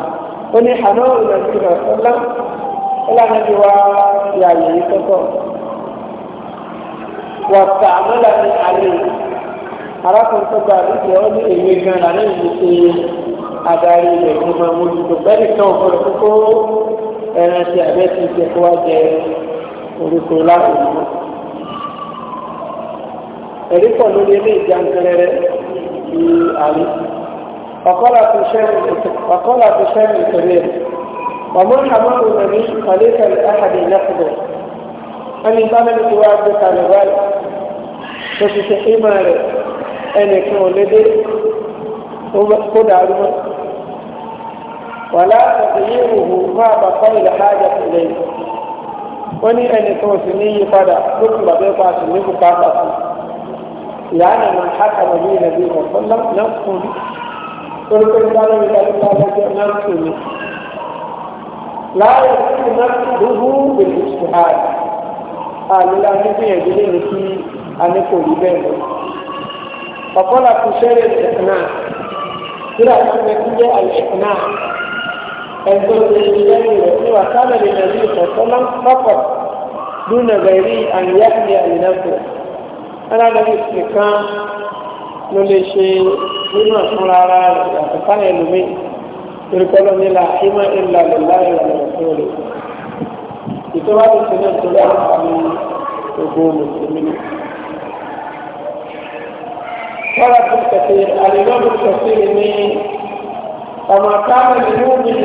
ó ní àná òun àti ìrọ̀sọ́lá ọlọ́run ti wá yà yìí tọ́tọ̀ wọ̀tà àmọ́lá ní alẹ́ arákùnrin tó gba àdúgbò ó ní èmi gan lànà ìlú ṣe adarí rẹ̀ fún ọmọ olùdókòwò bẹ́ẹ̀ ni kan òfin kókó ẹran ti àbẹ́sí ìṣẹ̀kọ́ wa jẹ orúkọ láwùjọ. ẹ̀rí pọ̀ lórí ilé ìjànkẹrẹ rẹ̀ àrí ọ̀kọ́lá tó ṣẹ́rì ọmọ ìhàmọ́rù rẹ̀ ní kàlẹ́kàlẹ́ àhàdì lẹ́kọ̀ọ́ ẹni bá mẹ́rin tó wá gbé kalẹ̀ báyìí tó ti ṣe ìmọ̀ rẹ̀ ẹnì kan ò lédè kó dàrú mọ́ òhù máa ilẹ̀ hájà ní kan ò sì ní yí padà lókùn bàbá ẹ̀kọ́ àti ní لأن من حكم به النبي صلى الله عليه وسلم نفسه قلت قال من الله نفسه لا يكون نفسه بالاجتهاد àlùlá níbi ìdílé ní kí aníkò rí bẹ́ẹ̀ lọ. ọ̀pọ̀lọpọ̀ ṣẹlẹ̀ ìṣẹ̀kùnà síra tó ń ti jẹ́ àìṣẹ̀kùnà ẹgbẹ́ òṣèlú lẹ́yìn rẹ̀ ní wàtálẹ̀ lè nàbí ìṣọ̀tọ́lá pápọ̀ lúnà bẹ̀rí àyíyá alábẹ́bí nìkan ló lè ṣe nínú àfúnra ara rẹ̀ àti fáwọn ẹlòmíì torípọ́lọ́ nílà ìmọ̀ ìlà lọ́la ìlànà òfin rẹ̀ ìjọba ti sinmi nítorí àǹfààní ogun mùsùlùmí ni. قال ابن كثير الإمام ابن كثير فما كان لمؤمن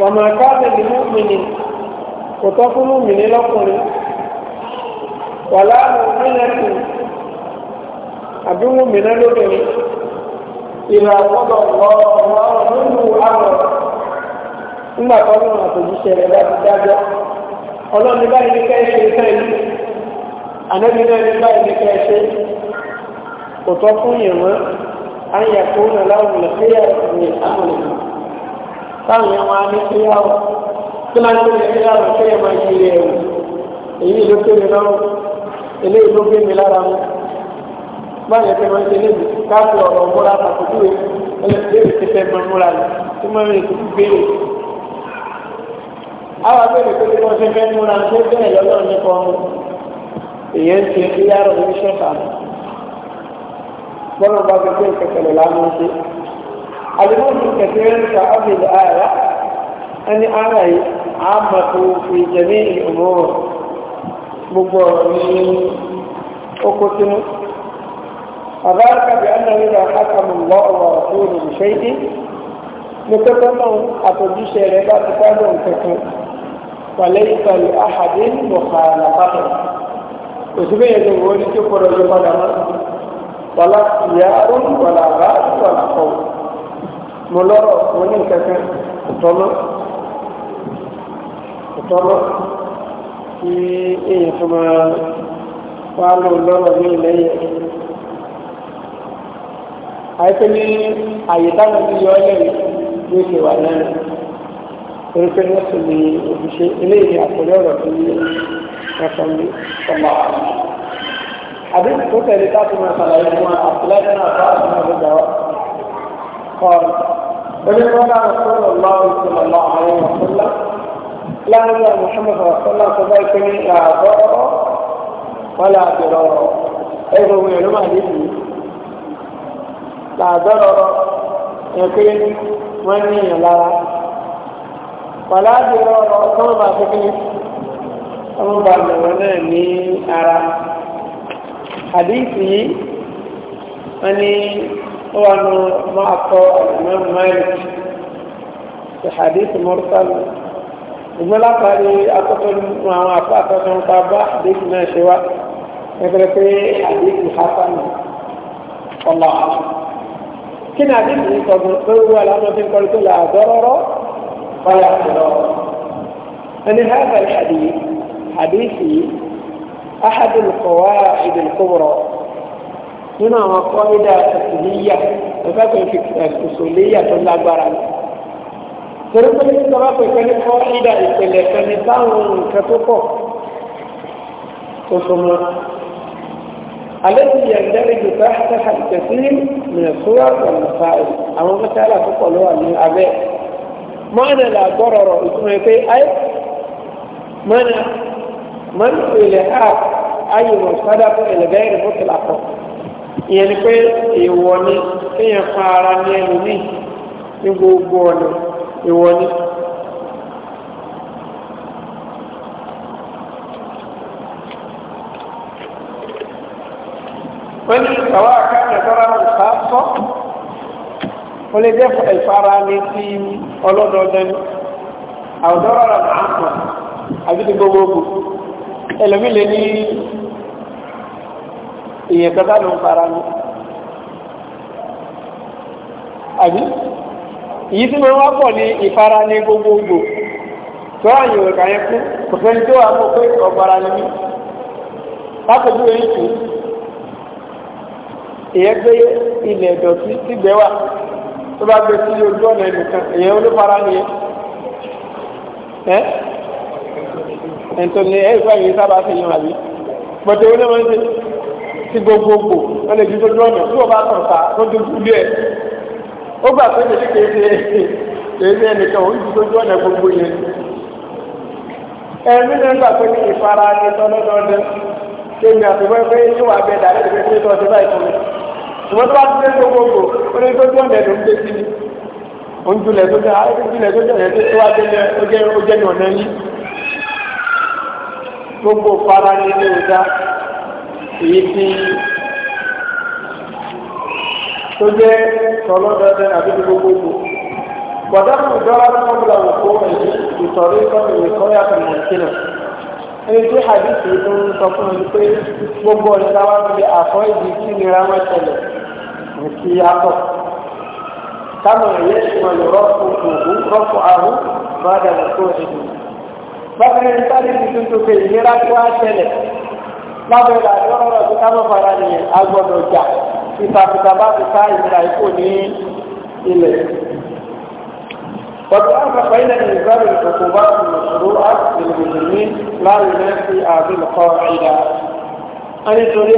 wàmà káàdì ní mọ́mìnì kò tọ́ fún mọ́mìnì lọ́kùnrin wàlá mọ́mìnì àbí mọ́mìnì lóbìnrin ìlà àkọ́dọ̀ ọ̀rọ̀ nínú àrọ̀ nígbà tó ní ọ̀nà tó jíṣẹ́ rẹ̀ láti dájọ́ ọlọ́ni báyìí ní ṣe ìlú ànábi náà ní báyìí ní ṣe náà àwọn táwọn yẹn wọn á ní kíyàwó kí máa ń tẹ̀lé kíyàwó kéèyàn máa yí ilé ẹ̀wò èyí ló kéde lọ́wọ́ eléyìí ló gbé mi lára mu báyìí ẹgbẹ́ máa ń tẹ̀lé mi káàpì ọ̀rọ̀ múra pàtàkì rẹ̀ ẹlẹ́sìn ti fẹ́ máa múra rẹ̀ tí máa ń retí béèrè. àwọn abẹ́rẹ́ pé wọ́n ti fẹ́ múra ṣé bẹ́ẹ̀ lọ́lọ́run nípa ọmọ èyí الإمام الكثير كأبي الآية أن أنا عامة في جميع الأمور مبرمين أكتم أذلك بأن إذا حكم الله ورسوله بشيء نتكلم أتجيش ربا تكاد تكون وليس لأحد مخالفته وسبيع الجمهور تقول الجمهور ولا اختيار ولا غاز ولا خوف mo lọ́rọ̀ mo ní nǹkan kan ìtọ́mọ́ ìtọ́mọ́ tí èèyàn tó máa wá lò lọ́rọ̀ ní ìlẹ́yìn àìpé ní àyè táwọn ti yọ ọ́lẹ́rìí ní òkè wà náà orúkọ ní ọ̀sẹ̀ ní òṣìṣẹ́ eléyìí ni àkọlé ọ̀rọ̀ tó ní ẹ̀sán ní ọmọ àwọn àbí tó tẹ̀lé káàkiri máa ṣàlàyé fún wa náà bá àwọn ọmọ ọ̀gbẹ́gbẹ́ wa kọ́ ọ̀rọ̀ onígbọ́nà àtọ́lọ̀ lọ́wọ́ ìṣẹ̀lẹ̀ lọ́wọ́ àwọn ọ̀sọ́lá láàrin àwọn mọ̀ṣọ́mọ̀ṣọ́ ọ̀sọ́lá tó bá ìpín ní àgọ́rọ́ wọn là bẹ̀rọ̀ ẹgbẹ́ òun ẹ̀rọ mà níbi làgọ́rọ̀ ẹ̀pẹ́ wọn ní ìyàn lára wọn là bẹ̀rọ̀ ọ̀sọ́mọ̀ bá tó kíni ọmọ bá bẹ̀rọ̀ náà ní ara àdéhìí wọn ní. هو ما أعطى الإمام مالك في حديث مرسل ولا قال أتقن أعطى أتقن طبع حديث ما سوى يقول في حديث حسن والله أعلم كنا حديث يقول ولا ما في كل لا ضرر ولا ضرر أن يعني هذا الحديث حديثي أحد القواعد الكبرى nínú àwọn kọ́mídà ìsòlíyà ẹ̀fẹ́ kan ìsòlíyà tó lágbára ni. torí pé bá pè ní kọ́mídà ìpìlẹ̀ kan táwọn nǹkan tó pọ̀ tó so mọ́. التي يندرج تحتها الكثير من الصور والمسائل أما مسألة تقولها من الأباء معنى لا ضرر اسمه في أي معنى من إلحاق أي مصدر إلى غير مطلقة ìyẹn ni pé èèwọ̀ ni kéèyàn fa ara ní ẹlòmíì ní gbogbo ọ̀nà èèwọ̀ ni. wọ́n ní ìgbàwọ́ àkáǹtì ẹ̀tọ́ra ń fà á sọ ó lè jẹ́ ìfara ní ti ọlọ́dọọdẹ ni àwùjọ rárá màá mọ̀ àbí ti gbogbogbò ẹlòmíì ní. èèyàn kan sáà ló ń tí mo wá pọ̀ ní ìfara ní gbogbogbò tó àyẹ̀wò ìkà yẹn fún kò tó wà mọ́ pé ọ̀gbára ni mí lákòókò èyí tù gbé ilẹ̀ ìdọ̀tí wà tó bá gbé sí ojú ọ̀nà ẹnìkan olófara ẹ̀ ìfọ̀ àyè sábà fi yàn àbí ti gbogbogbò wọn lè ju lójú ọ̀nà tí wọ́n bá tàn ká tó dojú lé ẹ̀ ó gbà pé kèké kéde kéde ẹnìkan òun ju lójú ọ̀nà gbogbo yẹn ẹ̀mí náà gbà pé kí ìfara ni tọ́lọ́dọ́dẹ kémi àtúwẹ́ pé yín wà bẹ́ẹ̀ dàrẹ́ ìgbẹ́ pé o ti báyìí fún mi ìwọ́n tó bá ti dé gbogbogbò ó ní lójú ọ̀nà ẹ̀dùn ń gbé sí ni ó ń julẹ̀ tó jẹ́ àyè julẹ̀ tó jẹ́ ẹ̀dùn tó wá délé ó jẹ́ ní ọ̀nà yín gbogbo èyí tí tó jẹ́ tọ́lọ́dọ́dẹ́ àbí gbogbogbò gbọ̀dọ́rù dọ́là kọ́bùlà òkú èyí ìtọ̀rí kọ́bù ìkọ́ yàtọ̀ mọ̀nkínà ẹni tí hadith yìí tó ń sọ fún mi pé gbogbo ọ̀nà wa fi àkọ́ ìdí kí ni ra wọn tẹ̀lẹ̀ kí a kọ̀ táwọn ẹ̀yẹ ìmọ̀ lè rọ́pò òògùn rọ́pò àrùn bá dàgbà tó ẹ̀dùn bákan ẹni sáré tuntun fẹ́ ìlera tó á tẹ̀lẹ̀ lábẹ́ ìlà ìrọ̀rọ̀ tó kámọ́ fara ni agbọ́dọ̀ jà ìtàkùtà bá ti ká ìlera ikú ní ilẹ̀. Wàtí wọ́n fẹ́ fẹ́ ilẹ̀ ìgbàlù ìkòkò bá ti mọ̀ṣúrú àti ìlúmùsùlùmí láàrin náà sí àbílù kọ́ ìdá. A nítorí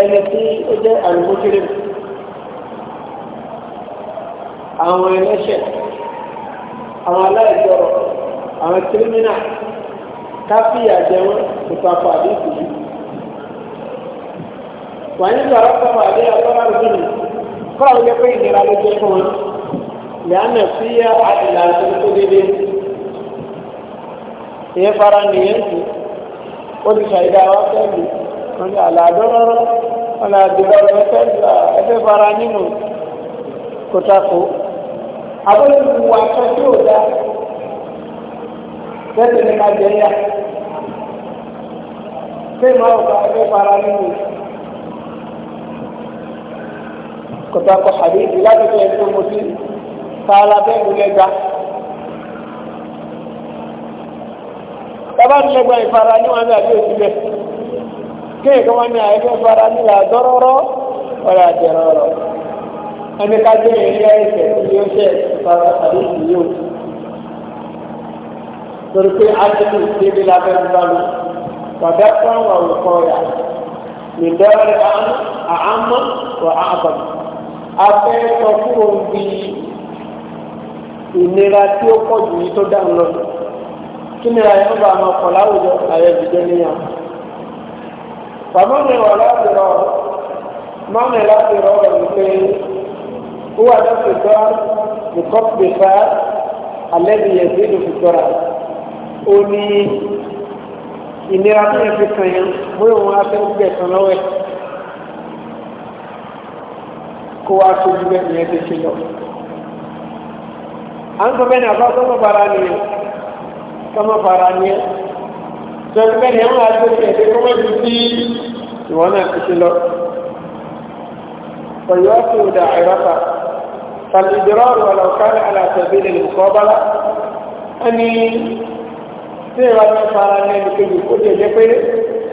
ẹni tí ó jẹ́ àlùmọ́kiri àwọn ẹlẹ́ṣẹ̀ àwọn aláìjọrọ̀ àwọn kírímínà káfíà jẹun ìtàkù àdéhùn yìí. ni nílò àrọ́pọ̀ àdéhùn àtọ́lá lójú mi kọ́ra wọlé pé ìnira ló jẹ́ fún wọn lẹ́yìn tí yẹ àdìlà tó tó dédé ìyẹn fara nìyẹn jù ó ti ṣàyídá wa sẹ́ẹ̀lì wọn ni àlàdọ́rọ́rọ́ wọn ni àdìlọ́rọ́ sẹ́ẹ̀lì ẹgbẹ́ fara nínú kòtàkó abọ́lẹ́wù wa sọ sí òdà bẹ́ẹ̀ ni ká jẹ yá ṣé máa wò ká fẹ́ fara nínú kòtò akọ àdéhùn láti fẹ́ tó mo sí sáárá bẹ́ẹ̀ ló lẹ́gbà. Tábà ní lẹ́gbà ìfara ní wọn ní àbí òsì bẹ́ẹ̀. Kéèké wọn ní àyẹ̀fẹ́ fara ní àdọ́rọ́rọ́ ọ̀rẹ́ àjẹrọ́rọ́. Ẹni ká jẹ́ ìrírí ẹ̀ṣẹ̀ tí yóò ṣe ìfara àdéhùn yóò torí pé ájẹ́lú ìdílé lábẹ́ nígbàlú wàdà kan wà òkò yà nìdọ́rẹ́ àhámọ́ wà ábàm afẹ́ sọ fún òun bí ìnira tí ó pọ̀ jù yìí tó dáhùn lọ kí ni àyè ń bá àwọn ọkọ̀ láwùjọ àyè ìdílé níyàn fàmọ́nì wà láti rọ mọ́nì láti rọ rẹ̀ wípé ó wà láti tọ́ ìkọ́pù ìfà alẹ́ bí yẹn sí ìlú fìtọ́ra ó ní ìnira tó yẹ fi kàn yẹn bóyá òun á fẹ́ gbẹ̀sán lọ́wọ́ ẹ̀ kó wá sójú bẹ́ẹ̀ yẹn ti ṣe lọ. à ń sọ bẹ́ẹ̀ ni àbá sọ́mọ́ bara nìyẹn sọ́mọ́ bara nìyẹn sọ́mọ́ bẹ́ẹ̀ ni àwọn àti ẹ̀sìn ẹ̀sìn kọ́mọ́ ju sí ìwọ náà ti ṣe lọ. ọ̀yọ́ tó dà ìrọ́pà fàlìdìrọ́ọ̀rù ọ̀làwùkárẹ̀ alàtẹ̀bí lè lè kọ́ bọ́lá. ẹni tí ìwà náà fara ní ẹni kejì ó lè jẹ́ pé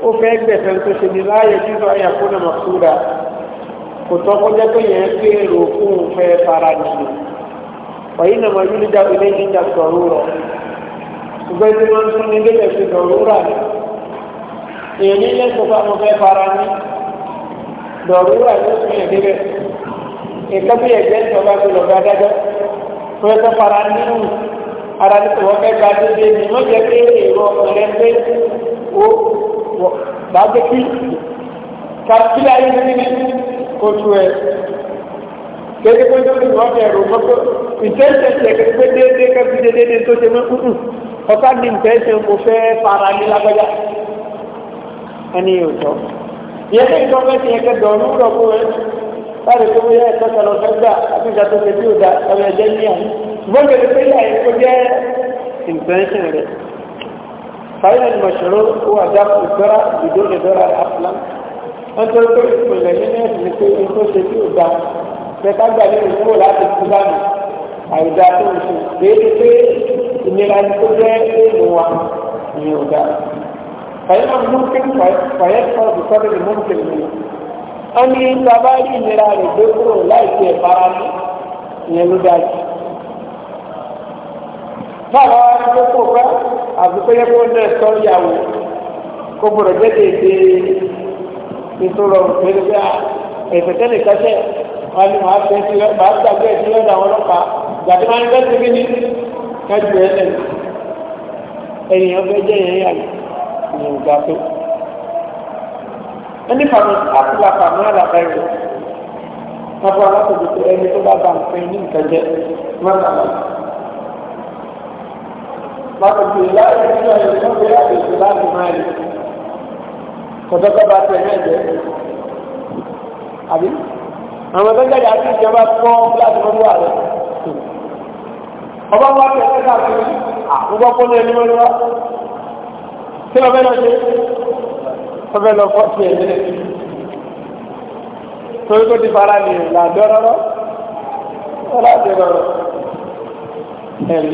ó fẹ́ gbẹ̀sẹ̀ tó ṣe ní láàyè nínú àyà fún ọmọ fúra kò tọ́ kó jẹ́ pé yẹn pé èrò fún un fẹ́ fara nìyí wàyí nà máa yúlí dá ilé yìí dá sọ̀rọ̀ rọ̀ ṣùgbọ́n tí wọ́n tún ní lélẹ̀ fi sọ̀rọ̀ rà ní èyí ní yẹn sọ́kọ́ àwọn fẹ́ fara ní dọ̀rọ̀ rà ní oṣù yẹn débẹ̀ ìkọ́bí ẹ̀jẹ̀ ìjọba ti lọ́gbàdájọ́ fẹ́ fẹ́ fara ara ní wọ́n fẹ́ gba dédé ni wọ́n jẹ́ pé èrò ọ̀rẹ́ pé ó bá jẹ́ kí kàtílà yìí ní oṣù ẹ̀ kéde pé tó ní wọ́n bẹ̀rù mọ́tò ìtẹ́sẹ̀sẹ̀ kéde pé dédé kẹ́kí dédé tó ṣe mọ́ kúkú ọ̀ká ní ìtẹ́sẹ̀ mo fẹ́ fara ní lágbájá ẹni òótọ́ yẹ kí ìjọba ti yẹ kẹ́dọ̀ ọ̀rún rọ̀ fún ẹ láti tó yẹ ẹ̀kọ́ sọ̀rọ̀ ṣùgbọ́n bẹ̀rẹ̀ pé láì kó jẹ́ invention rẹ̀ final mọ̀ṣọ̀rọ̀ ó wà dákùn ìgbọ́ra ìdó ìdọ́ra àfúlá wọ́n tó pé ìpìlẹ̀ nínú ẹ̀sìn ni pé ohun tó ṣe tí ò da pẹ̀ka gbà nínú kúrò láti kú lánà àìdá tó ń ṣe déédéé pé ìnira ni tó jẹ́ èèmù wa ni ò da. fàyẹ́nà múnkìn fàyẹ́ sọ̀rọ̀ bùkọ́dé ni múnkìn ni wọ́n ní bàbá ìnira báwa ló kó bá àbúkọ́ yẹ kó lẹ́ sọ ìyàwó kó gbọ́dọ̀ jẹ́ dédé ìṣòro pẹ̀lú bí ah, ẹ̀fẹ̀ tẹ́lẹ̀ kẹ́sẹ̀ wọn ni màá fẹ́ sí lọ́dà màá gbàgbé sí lọ́dà àwọn ọlọ́pàá gbàdé máa ń bẹ́ sí kí ni kájú ẹ̀ lẹ́nu ènìyàn fẹ́ jẹ́ yẹn yàrá ìyẹn ò ga tó ẹni fàmì àkùlà fàmì àlàbà ẹ̀rọ wọn fọ alákòókò ẹni tó bá ba nǹkan ní nǹkan jẹ wọn bá pàtàkì láti nínú ẹ̀yọ́ tó ń bẹ̀rẹ̀ àgbègbè láti máa rí kọ̀dọ́kọ́ bá tẹ̀ náà jẹ́ àbí àwọn tó jáde àti ìjọba kọ́ láti mọ́ wà rẹ̀ ọba wa tẹ̀ náà káàkiri àkókò kọ́ lóyún mọ́ wá kí lọ́bẹ̀ lọ ṣe ọbẹ̀ lọ fọ́ sí ẹ̀jẹ̀ torí tó ti fara ní làdọ́rọ́rọ́ ọlá àti ẹ̀rọ ẹ̀rí.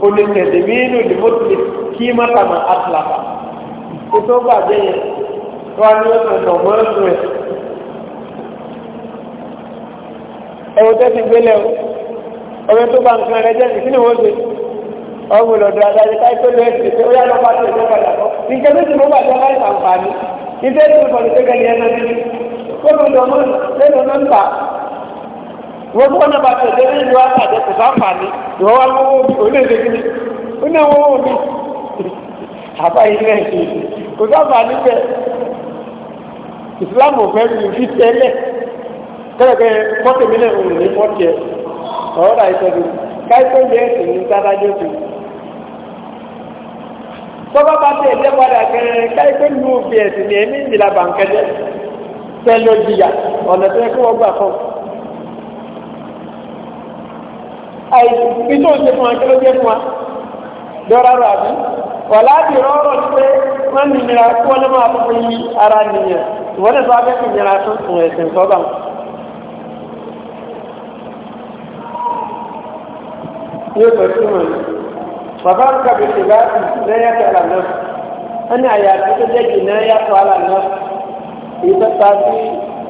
de olùtẹ̀dẹ̀mínú lèmọ́tìlẹ̀ kí mọ́tàmà àtìlápà ètò gbàgbé yẹn tó a ní ọ̀nà mọ́ọ̀nù ẹ̀ ẹ̀wọ̀n tó ti gbélé o ọmọ tó bá nǹkan rẹ jẹ́ ní kí ni wọ́n ṣe ọmọ lọ́dọ̀ adájọ́ káyí tó lọ ẹ̀sìn tó yá lọ́pàá tó ẹ̀sìn da kọ́ nǹkan tó ti mọ́ bàjẹ́ láì sàǹfààní ìfẹ́ tó ń bọ̀ ní pẹ́kẹ́ ni ẹ̀ wọ́n tó wọ́n náà bá tẹ̀lé ní ìlú àtàjẹ kò sáfà ní ìwọ́n wá lówó mi onílé gíní oníwó mi àbá ilé ẹ̀ kò sáfà níbẹ̀ Islam ò fẹ́ mi fi tẹ́lẹ̀ kẹ́lẹ́kẹ́ mọ́tòmí náà ò ní mọ́tì ẹ̀ ọ̀rọ̀ rà ìtọ́jú káìpẹ́ yẹn sì ní sára yóò fi tọ́ba bá tẹ̀ ẹ̀jẹ̀ padà kẹrin káyipẹ́ lu òfin ẹ̀sìn ní ẹ̀mí ìjìlá bàǹkẹ́jẹ́ tẹ́lẹ̀ jìyà ọ̀nà tó yẹ kí wọ́n gbà fún àyè ìtò òṣè fún wa kí ló jẹ́ fún wa dọ́ra rọ̀ àbí wàlá ti rọ́rọ̀ ní pé ní ìnira kí wọ́n máa fún yí ara nìyẹn ìwọ́n lè sọ abẹ́ fi ìnira tó sùn ẹ̀sìn sọ́gbà. ní o tọ́jú wọn bàbá ń kàbí ìṣèlú àti náírà tó àlà náà wọ́n ní àyà àti tó jẹ́ jì náírà tó àlà náà èyí tó ta sí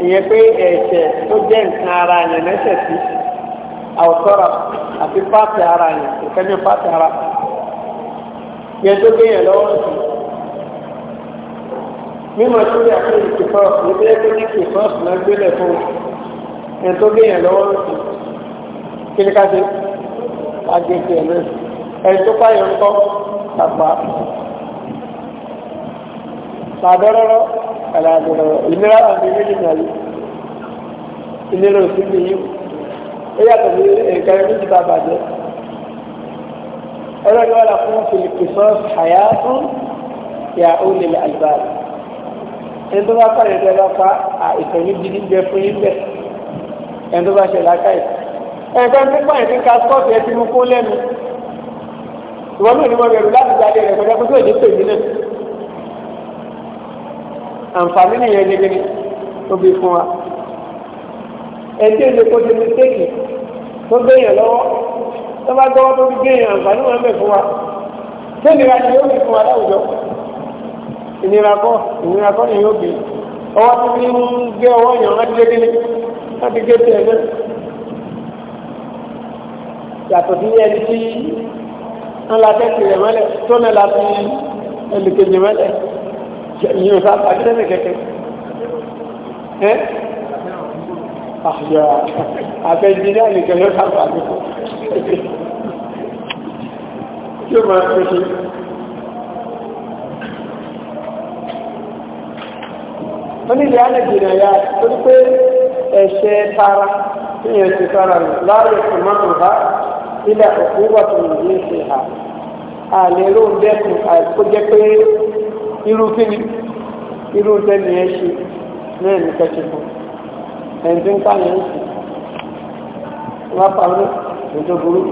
ìyẹn pé ẹ̀ṣẹ̀ tó jẹ́ nǹkan ara àyàn náà sí àwòtọ́ra àti páàtì ara yẹn nǹkan ní páàtì ara yẹn tó gbé yẹn lọ́wọ́ nìkan. mímọ̀ tó yà fún ìkìfọ́ níbi ẹgbẹ́ ní ìkìfọ́ náà gbélé fún yẹn tó gbé yẹn lọ́wọ́ nìkan. kí ni ká ṣe agbègbè ẹ̀ náà ẹ̀ tó pààyàn ń àgbà. Tàbẹ́rọ́rọ́ kàlà àgbẹ̀rọ̀ ìnira àti méjì ìnira òsì ó yàtọ̀ sí nǹkan ẹni jìbá bàjẹ́ ọlọ́dún wà fún fìlìpìsọ́ àyà fún ìyá olè àlùbáàlì ẹni tó bá pàdé tẹ bá pa ìtọ́jú gidi bẹ fún yín bẹ ẹni tó bá ṣe làákàyè ẹ̀ka ní pààyàn tí ká sọ́ọ̀tì ẹ ti mú kó lẹ́nu ìwọ náà ni mo bẹ̀rù láti jáde rẹ̀ kọjá kó tó èdè pèmí náà àǹfààní tó gbéyàn lọ́wọ́ tó bá gbọ́wọ́ tó fi gbéyàn àǹfààní wọn bẹ̀ fún wa tó nira ni yóò fi fún wa láwùjọ ìnira kọ́ ìnira kọ́ ni yóò fi ọwọ́ tó fi ń gbé ọwọ́ yàn láti gbé délé láti gbé tiẹ̀ náà yàtọ̀ sí ẹni tí ń la tẹ́sí rẹ̀ mọ́lẹ̀ tó náà la fi ẹnìkejì mọ́lẹ̀ yìí ò sábà kí àjọ àfẹ́jìdá nìkan ló sábà ní tí ó máa pèsè onílẹ̀ alẹ́gbìnà ya tó ní pé ẹ̀ṣẹ̀ tara tí yẹn ti sára rẹ̀ láàrẹ̀ ìmọ̀tò ha ilẹ̀ òkú wà tó ní ilé ṣe ha àlè ló ń dẹ́kun àìkó jẹ́ pé irú kíni irú tẹ́lẹ̀ yẹn ṣe náà nìkan ṣe ẹni tí ń pààyàn ń sùn wọ́n pa ọ́nà ètò burú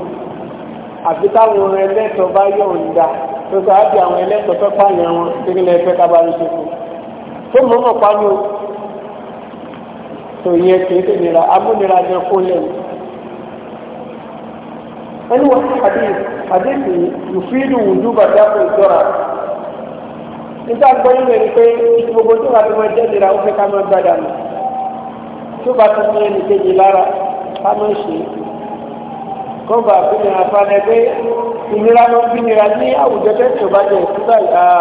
àti táwọn ẹlẹ́tọ̀ bá yọ̀ǹda tó sọ àti àwọn ẹlẹ́tọ̀ tó pààyàn wọn kí ni ẹgbẹ́ kábàárù ṣe fún tó mọ̀ mọ̀ pa ní tó yẹ kí ètò ìnira jẹ kó lẹ́nu. wọ́n ní wọ́n hadith hadith yufidu wudu bàtà kò jọra nígbà gbọ́ yín lẹ́nu pé gbogbo tó wà ní wọ́n jẹ́ ìnira ó fẹ́ ká máa gbádà tó bá tó ní ẹnì kejì lára ká má ṣe é kọ́ba àfihàn àfàlẹ́ pé ìnira ló ń bí nira ní àwùjọ tẹ́tì ò bá jẹ ìsú báyìí àà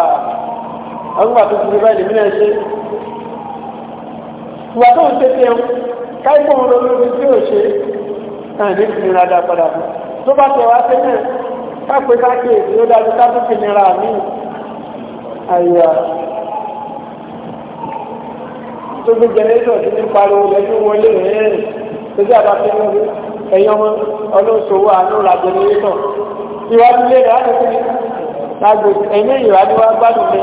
àgbà tó ti di báyìí lèmi náà ṣe. ìwà tó ń tètè ẹ̀hún káìpọ̀ ń ronú ibi tí ò ṣe náà ní ìnira dá padà fún. tó bá tẹ̀ wá sẹ́yìn káàpé káàkiri ó dájú ká tó fi nira mí tó gbé jẹnẹrétọ̀ tó ní pariwo lẹ́nu wọlé ẹ̀ẹ́n tó sì àbáfẹ́ ní ẹ̀yọ́ mọ́ ọlọ́sọ̀wọ́ àánú ra jẹnẹrétọ̀ ìwádìí lé rẹ̀ á lágbo ẹ̀mí ìwádìí wá gbádùn mi.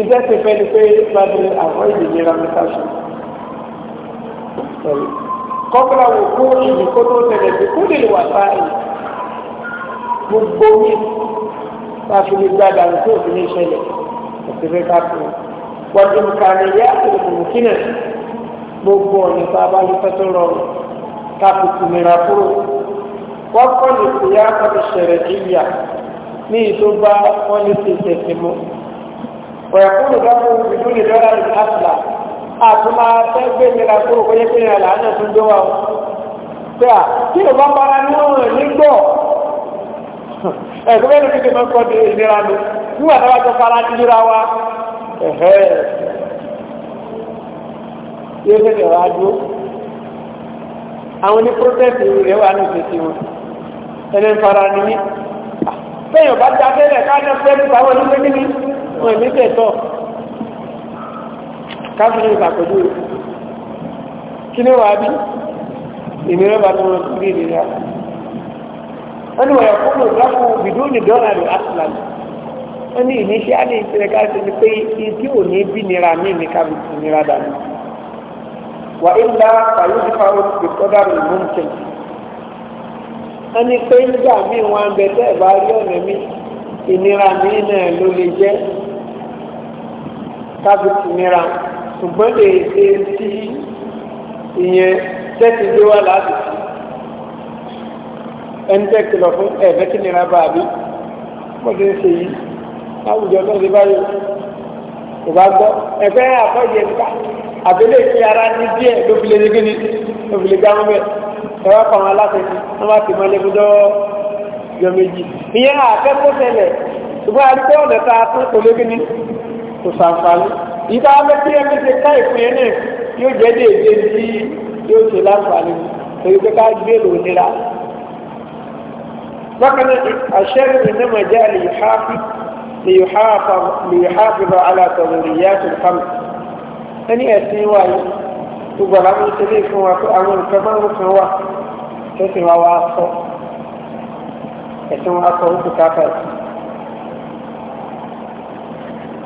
iṣẹ́ ti fẹ́ ni pé láti àwọn ìdìlera mi ká ṣe. kọ́kọ́lá wò kó ìdí kó tó tẹ̀lé sí kó lè wà sáàyè gbogbo mi láti lè gbádùn àti òfin ìṣẹ̀lẹ̀ òṣèré kápò wọ́n ìmùkànnì yá ìmùkínà gbogbo ọ̀nà tá a bá yí fẹ́tọ́ rọrùn kápò tìmíra kúrò wọ́n kọ́ lè kó yá kọ́ni ṣẹ̀rẹ̀ ìyà ní ìdóbá wọ́n lè ti tẹ̀sí mú. wọ̀nyẹ̀kúrò dákú ìdú ní dọ́là ní áfíà àtúmọ̀ àtẹ́gbẹ́ ìnira kúrò kọ́yẹ́ pé ìrìnàlá náà tún dó wa o. pé à kí ló bá bára níwọ̀n nígbọ̀ ẹ̀gbẹ́ nígbà tó bá tó fara dídúrà wa ẹ̀hẹ́ yóò tẹ̀lé wa dúró àwọn ní protest rẹ̀ wà ní ìfẹsí wọn ẹni ń fara ni mí bẹ́ẹ̀ bá dá tẹ́lẹ̀ káàdé fẹ́ẹ́ nípa wọn ní pé kíni wọn ní tẹ̀tọ̀ káfíńsì ìpàkọ́jú rẹ̀ kí ni wàá bí ìnira bá tó wọn bí ìnira wọn ni wọ́n yẹ kó lò lọ́kùn bìdúnì dọ́là rẹ̀ àtìlánì wọ́n ní ìníṣíálì ìṣẹ̀lẹ̀ káṣí ni pé ìdí ò ní bí nira mí ní kábíyèsí nira dànù wà ilá fàyọ́sífà òtún kọ́dà rẹ̀ mọ́ǹkìn wọ́n ní pé nígbà míì wọn bẹ tẹ́ ẹ̀ bá rí ọ̀nà mi ìnira mi náà ló lè jẹ́ kábíyèsí nira ṣùgbọ́n lè ṣe sí ìyẹn tẹ́tí lé wà láti fi ẹni tẹ́ kìlọ̀ fún ẹ̀fẹ́ bá a bí wọ́n ti ń ṣe yìí láwùjọ náà ti báyìí kò bá gbọ́ ẹgbẹ́ àkọ́yẹ nípa àbẹ̀lẹ̀ ìpín ara ní díẹ̀ ló fi lè ní kíni ló fi lè gbá wọn bẹ́ẹ̀ ẹ̀rọ kan aláṣẹ ti wọ́n bá ti mọ ẹlẹ́gbẹ́dọ́ yọ méjì ìyẹn àkẹ́kọ̀ọ́ tẹ̀lẹ̀ ṣùgbọ́n àdúgbò ọ̀nà tá a tún kò kíni kò sàǹfààní ìta abẹ́tí ẹni ti ká ìpín náà yóò jẹ́ déédéé tí yóò ṣe láǹfààní torí pé ká gbé lò nira. bákan náà àṣẹ ìrìnnà màjá ليحافظ ليحافظ على ضروريات الخمس أني أسي واي تقول أمي تليف وأمي كمان وكوا تسي وواصف تسي وواصف وكافر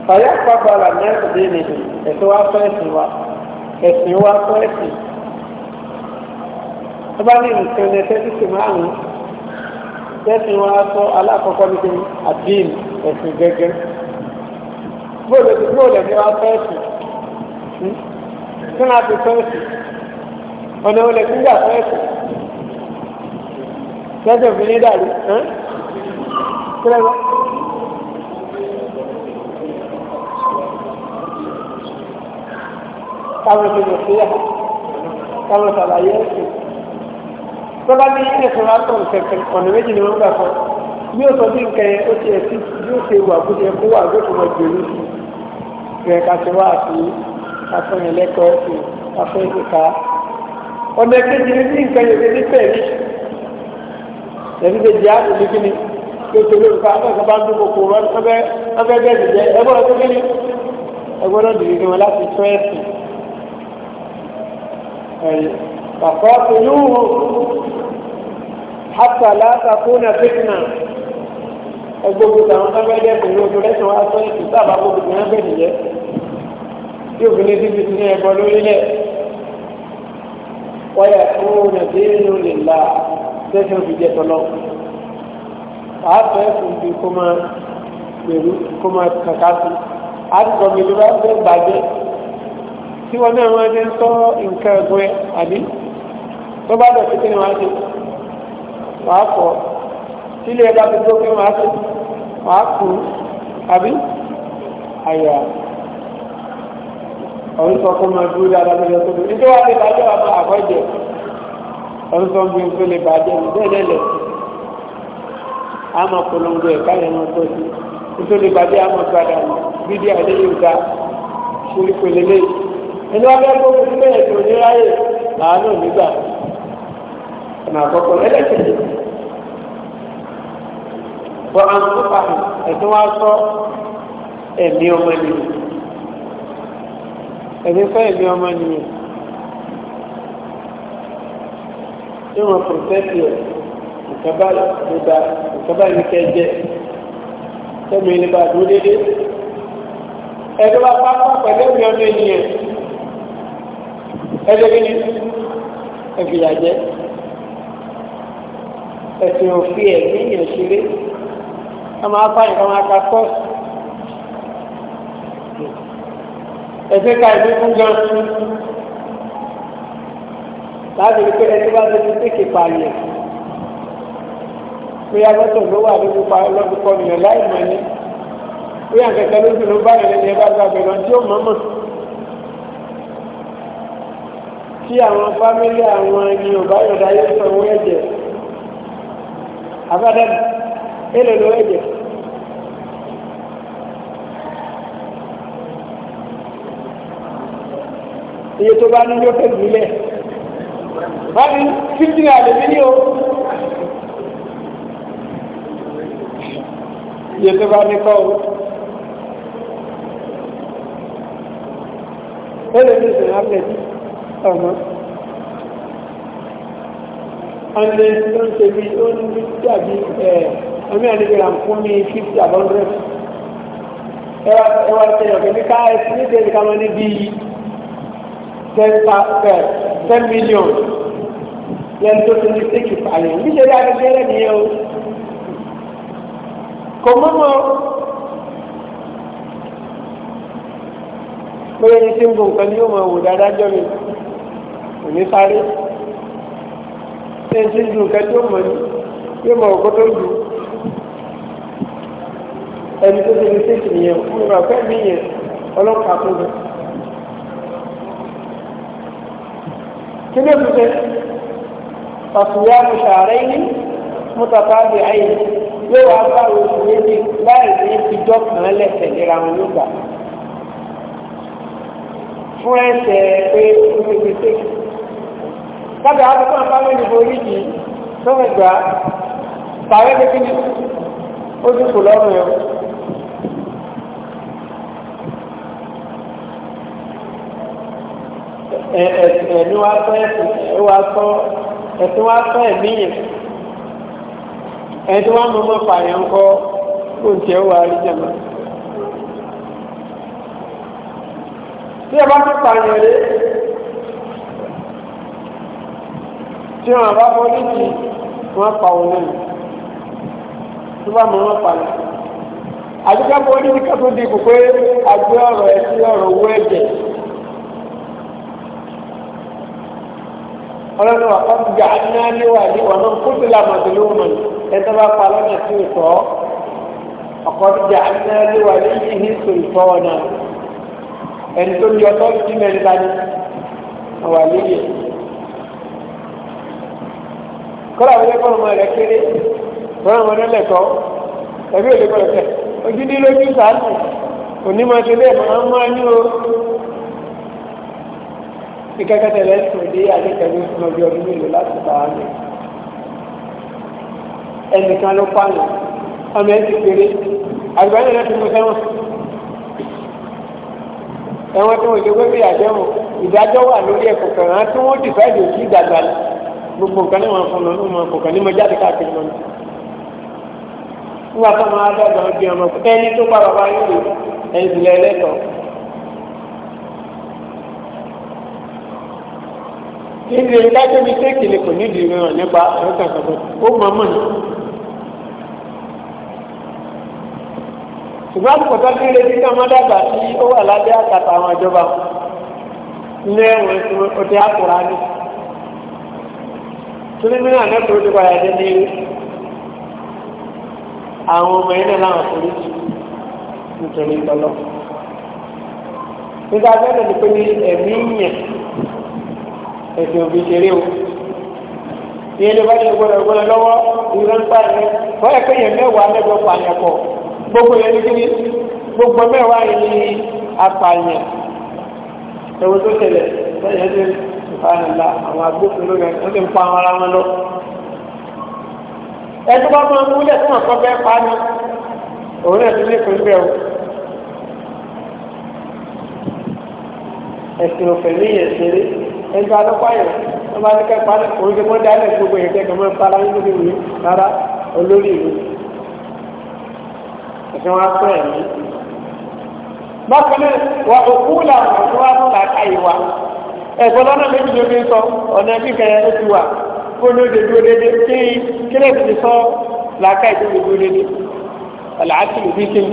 فيحفظ على الناس دينه يتواصف يسوى يسوى يسوى ọba ní nǹkan ẹ̀ẹ́dẹ́gbẹ̀sẹ̀ márùn-ún tẹ́sí wọn aṣọ alákọ̀ọ́kọ́ nígbà àdéhùn ẹ̀sìn gẹ́gẹ́ bóòlù ti bóòlù ẹ̀mí wa fẹ́ sùn kí wọ́n á ti fẹ́ sùn ọ̀nà olè tí ń gbà fẹ́ sùn tẹ́sán fi ní dàrú hmm? kílẹ̀wọ́. káwọn ti lè fíyà káwọn ṣàlàyé ẹ̀sìn tó ní ẹ̀sìn wa tó ọ̀nà méjì ni wọ́n gbà fún ní ó sọ bí nǹkan yẹn ó ti ẹ̀ sí yóò ṣe wà bó ṣe kó wà bó ṣe mọ̀ jòlú sí rẹ̀ ká ṣe wá sí afẹ́yìn lẹ́kọ̀ọ́ sí afẹ́yìn kíka. ọ̀nà kejì ní bí nǹkan yẹn ní pẹ̀lú ẹ̀mí ṣe jẹ́ àdùn ní kíni tó ṣe lórí ká ọ̀nà kan bá ń dún kòkó rán ọbẹ̀ ọbẹ̀ bẹ́ẹ̀ jẹ́ ẹgbọ́n kíni ẹgbọ́n ọdún yìí wọn láti tọ́ ẹ̀sìn. Bàbá Tolúhu, hàtàlá takúnà fitna ẹgbẹ́ òkúta àwọn sábẹ́dẹ́ pẹ̀lú oṣù lẹ́sìn wá sọ èsì sábà gbogbo ìgbìmọ̀ ẹgbẹ́ nìyẹn tí òfin létí fi sinú ẹ̀bọ lórílẹ̀ wáyà fún nàìjíríà lè la sẹ́sìn òfìjẹ tọ́lọ́ pàápàá ẹ̀sùn bíi kó máa pẹ̀lú kó máa kàkà sí àtìkọ́ mi ló bá fẹ́ bàjẹ́ tí wọ́n náà wọ́n ti ń sọ nǹkan ẹ̀gbọ́n àbí tó bá dọ̀ sílé ẹ̀dá tó tó pé máa tó máa kú àbí àyà ọ̀rún sọ fún máa dúró dáadáa lọ́jọ́ tó dúró nítorí wà lè bàjẹ́ wà fún àbọ̀jẹ̀ ọ̀rún sọ bí nǹkan lè bàjẹ́ ní bẹ́ẹ̀ lẹ̀ àmọ́ polongo ẹ̀ káyọ̀ náà tó sí nítorí lè bàjẹ́ àmọ́ gbàdá ní bídí àdé yóò ga sórí pèlélé ẹni wàá wọ àǹtọ́fà ẹ̀sìn wá sọ ẹ̀mí ọmọ ènìyàn ẹ̀mí fẹ́ ẹ̀mí ọmọ ènìyàn tí wọ́n pòtẹ́tì ẹ̀ ìkàbá ìgbà ìkàbá ìrìnkẹ́ jẹ́ tẹ́mi nípa àdúró dédé ẹ̀dọ́ bá pápá pẹ̀lú ẹ̀mí ọmọ ènìyàn ẹ̀dọ́ bí ní ẹ̀fìyà jẹ́ ẹ̀sìn òfin ẹ̀mí ìyẹn ṣeré ká máa pa nǹkan máa ka kọ́ ẹgbẹ́ ká ìwé fún gan láti rí pé ẹtí bá ti fi tèkè pààyàn bóyá mọ́tò ló wà lójú pa lọ́dún kọ́ nìyẹn láì mọ̀ ní bóyá kẹ̀kẹ́ lójú ló bá yẹn lẹ́yìn bá gbàgbé lọ tí ó mọ̀ mọ̀ tí àwọn fámílì àwọn ẹni ò bá yọ̀dá yóò sọ owó ẹ̀jẹ̀ abẹ́rẹ́ èlò ló ẹ̀jẹ̀. iye tó bá ní yóò fẹ́ nílẹ̀ wọ́n ní fífi náà lè mí ní o iye tó bá ní kọ́ o. ó lè ní ìsìn áfẹ́tì ọmọ ọ̀nà tó ń ṣe bí ó ń bí dàbí ẹ̀ ọmọ ìrìnlẹ̀ là ń fún ní fifty abundance ẹwà ẹwà ṣe ọ̀gẹ̀ ní ká ní ìdẹ́rẹ̀ ká lọ ní bíi ten million lẹ́nu tó ti ní séèkì pààyàn níṣẹ́ bí agbègbè rẹ̀ nìyẹn o kò mọ́mọ́ bóyá ní tí ń gun nǹkan ni yóò máa wò dáadáa jọ mi kò ní sáré ṣé ń tí ń gun nǹkan tí ó mọ̀ ní yóò máa wò tó dùn ẹni tó ti ní séèkì nìyẹn fún ìgbà fẹ́ mi yẹn ọlọ́pàá tó dùn. kílé tuntun ọ̀sùnwánu sàárẹ̀ yìí mútàfà bí ayé yóò wá bá oṣù méjì láì ní ìjọ kan lẹ́sẹ̀ léra wọn nígbà fún ẹsẹ̀ pé ó ti fi tẹ̀. Sábà àbúkọ́ àbáwọ̀ ìdìbò yìí tó ń gbà tàwé kékeré ó dúkù lọ́rùn yẹn. ẹ̀mí wa tọ́ ẹ̀sìn wa tọ́ ẹ̀sìn wa tọ́ ẹ̀mí yẹn ẹ̀sìn wa mọ̀ mọ́ fààyàn kọ́ oúnjẹ tí ẹ bá tí wọn bá wọn àdúgbò wọn owó ọlọ́run wà kọ́tù jà á ní aléwàdí wọn náà kó tó làmà tó lóun mọ̀ ẹ̀tọ́ bá pa lọ́nà tí ò tọ́ ọ̀kọ́tù jà á ní aléwàdí yìí ní sòrì tọ́ ọ náà ẹni tó ní ọtọ́ ti mẹ́rin dání ọ̀wà lóye. kọ́lá wọlé kọ́lọ́ mọ́ rẹ̀ kéré wọ́n àwọn ẹlẹ́tọ́ ẹbí òde kọ́lọ́ tẹ̀ ojú ní lójú sàánù onímọ̀ ìkẹ́kẹ́tẹ̀ lẹ́sùn dé akẹ́kẹ̀ẹ́ fún ọjọ́ ọdún mélòó láti bá a lè ẹnìkan ló pààyàn ọmọ ẹ ti péré àgbáyé rẹ ti mú sẹ́wọ̀n ẹ̀wọ̀n tí wọ́n ṣe wéwé àjẹwọ̀n ìdájọ́ wà lórí ẹ̀kọ́ kan án tí wọ́n dìfẹ́ẹ̀dì òsì ìdàgbà gbogbo nǹkan ní wọn fún lọ ní wọn kò kàn ní mọ jáde káàkiri wọn. nígbà tó máa dàgbà ọdún ọmọ ẹni tó bá bàbá yóò ẹni ìlẹ̀ ẹlẹ́tọ̀ọ́ níbi èyí lájẹ́ mi téèkì lè kò nídìí ìrìnà nípa ẹ̀rọ̀kàkàkọ̀ ó mọ̀ mọ̀ ní. ṣùgbọ́n àtùkọ̀ tó kéré tí ká máa dàgbà tí ó wà lábẹ́ àkàtà àwọn ìjọba ní ẹ̀wọ̀n tí ó ti àkùrá ní. torí mí náà lẹ́kọ̀ọ́ ti padà dé ní àwọn ọmọ yẹn náà láwọn torí nítorí ìtọ́lọ́. nígbà tó ń ẹ̀sìn òbí ṣeré o ní ẹni bá ṣe gbọ́dọ̀ gbọ́dọ̀ lọ́wọ́ ìran pààyàn wọ́n yẹ kéèyàn mẹ́wàá mẹ́jọ pààyàn pọ̀ gbogbo yẹn ní kíni gbogbo mẹ́wàá yìí ní apààyàn ẹ̀wọ̀n tó tẹ̀lẹ̀ sẹ́yìn ẹ̀sìn ìfànàlà àwọn agbófinró rẹ̀ wọ́n ti ń pa àwọn ara wọn lọ. ẹni bá máa ń múlẹ̀ fún ọ̀kọ́ bẹ́ẹ̀ pa ni òun náà ní ìpín o. ẹ̀sìn òfin ní ìyẹn ṣeré ẹni tó alọ́pàá yẹn wọ́n bá ní kẹ́kọ̀ọ́ alẹ́ òun ti mọ́ dálẹ̀ gbogbo yẹn kẹ́kọ̀ọ́ máa ń para yín lórí ìwé rárá olórí ìwé ẹ̀sìn wọn pẹ́ ẹ̀mí. bákan náà wà òkú làwọn àti wọn kà á ìwà ẹ̀gbọ́n lọ́nà méjì ló fi ń sọ ọ̀nà kíkẹ́ ó ti wà fún olóde dúró dédé kí kílẹ̀ ti sọ làákà ìdúró dúró dédé àlàáfíà ìdí kíni.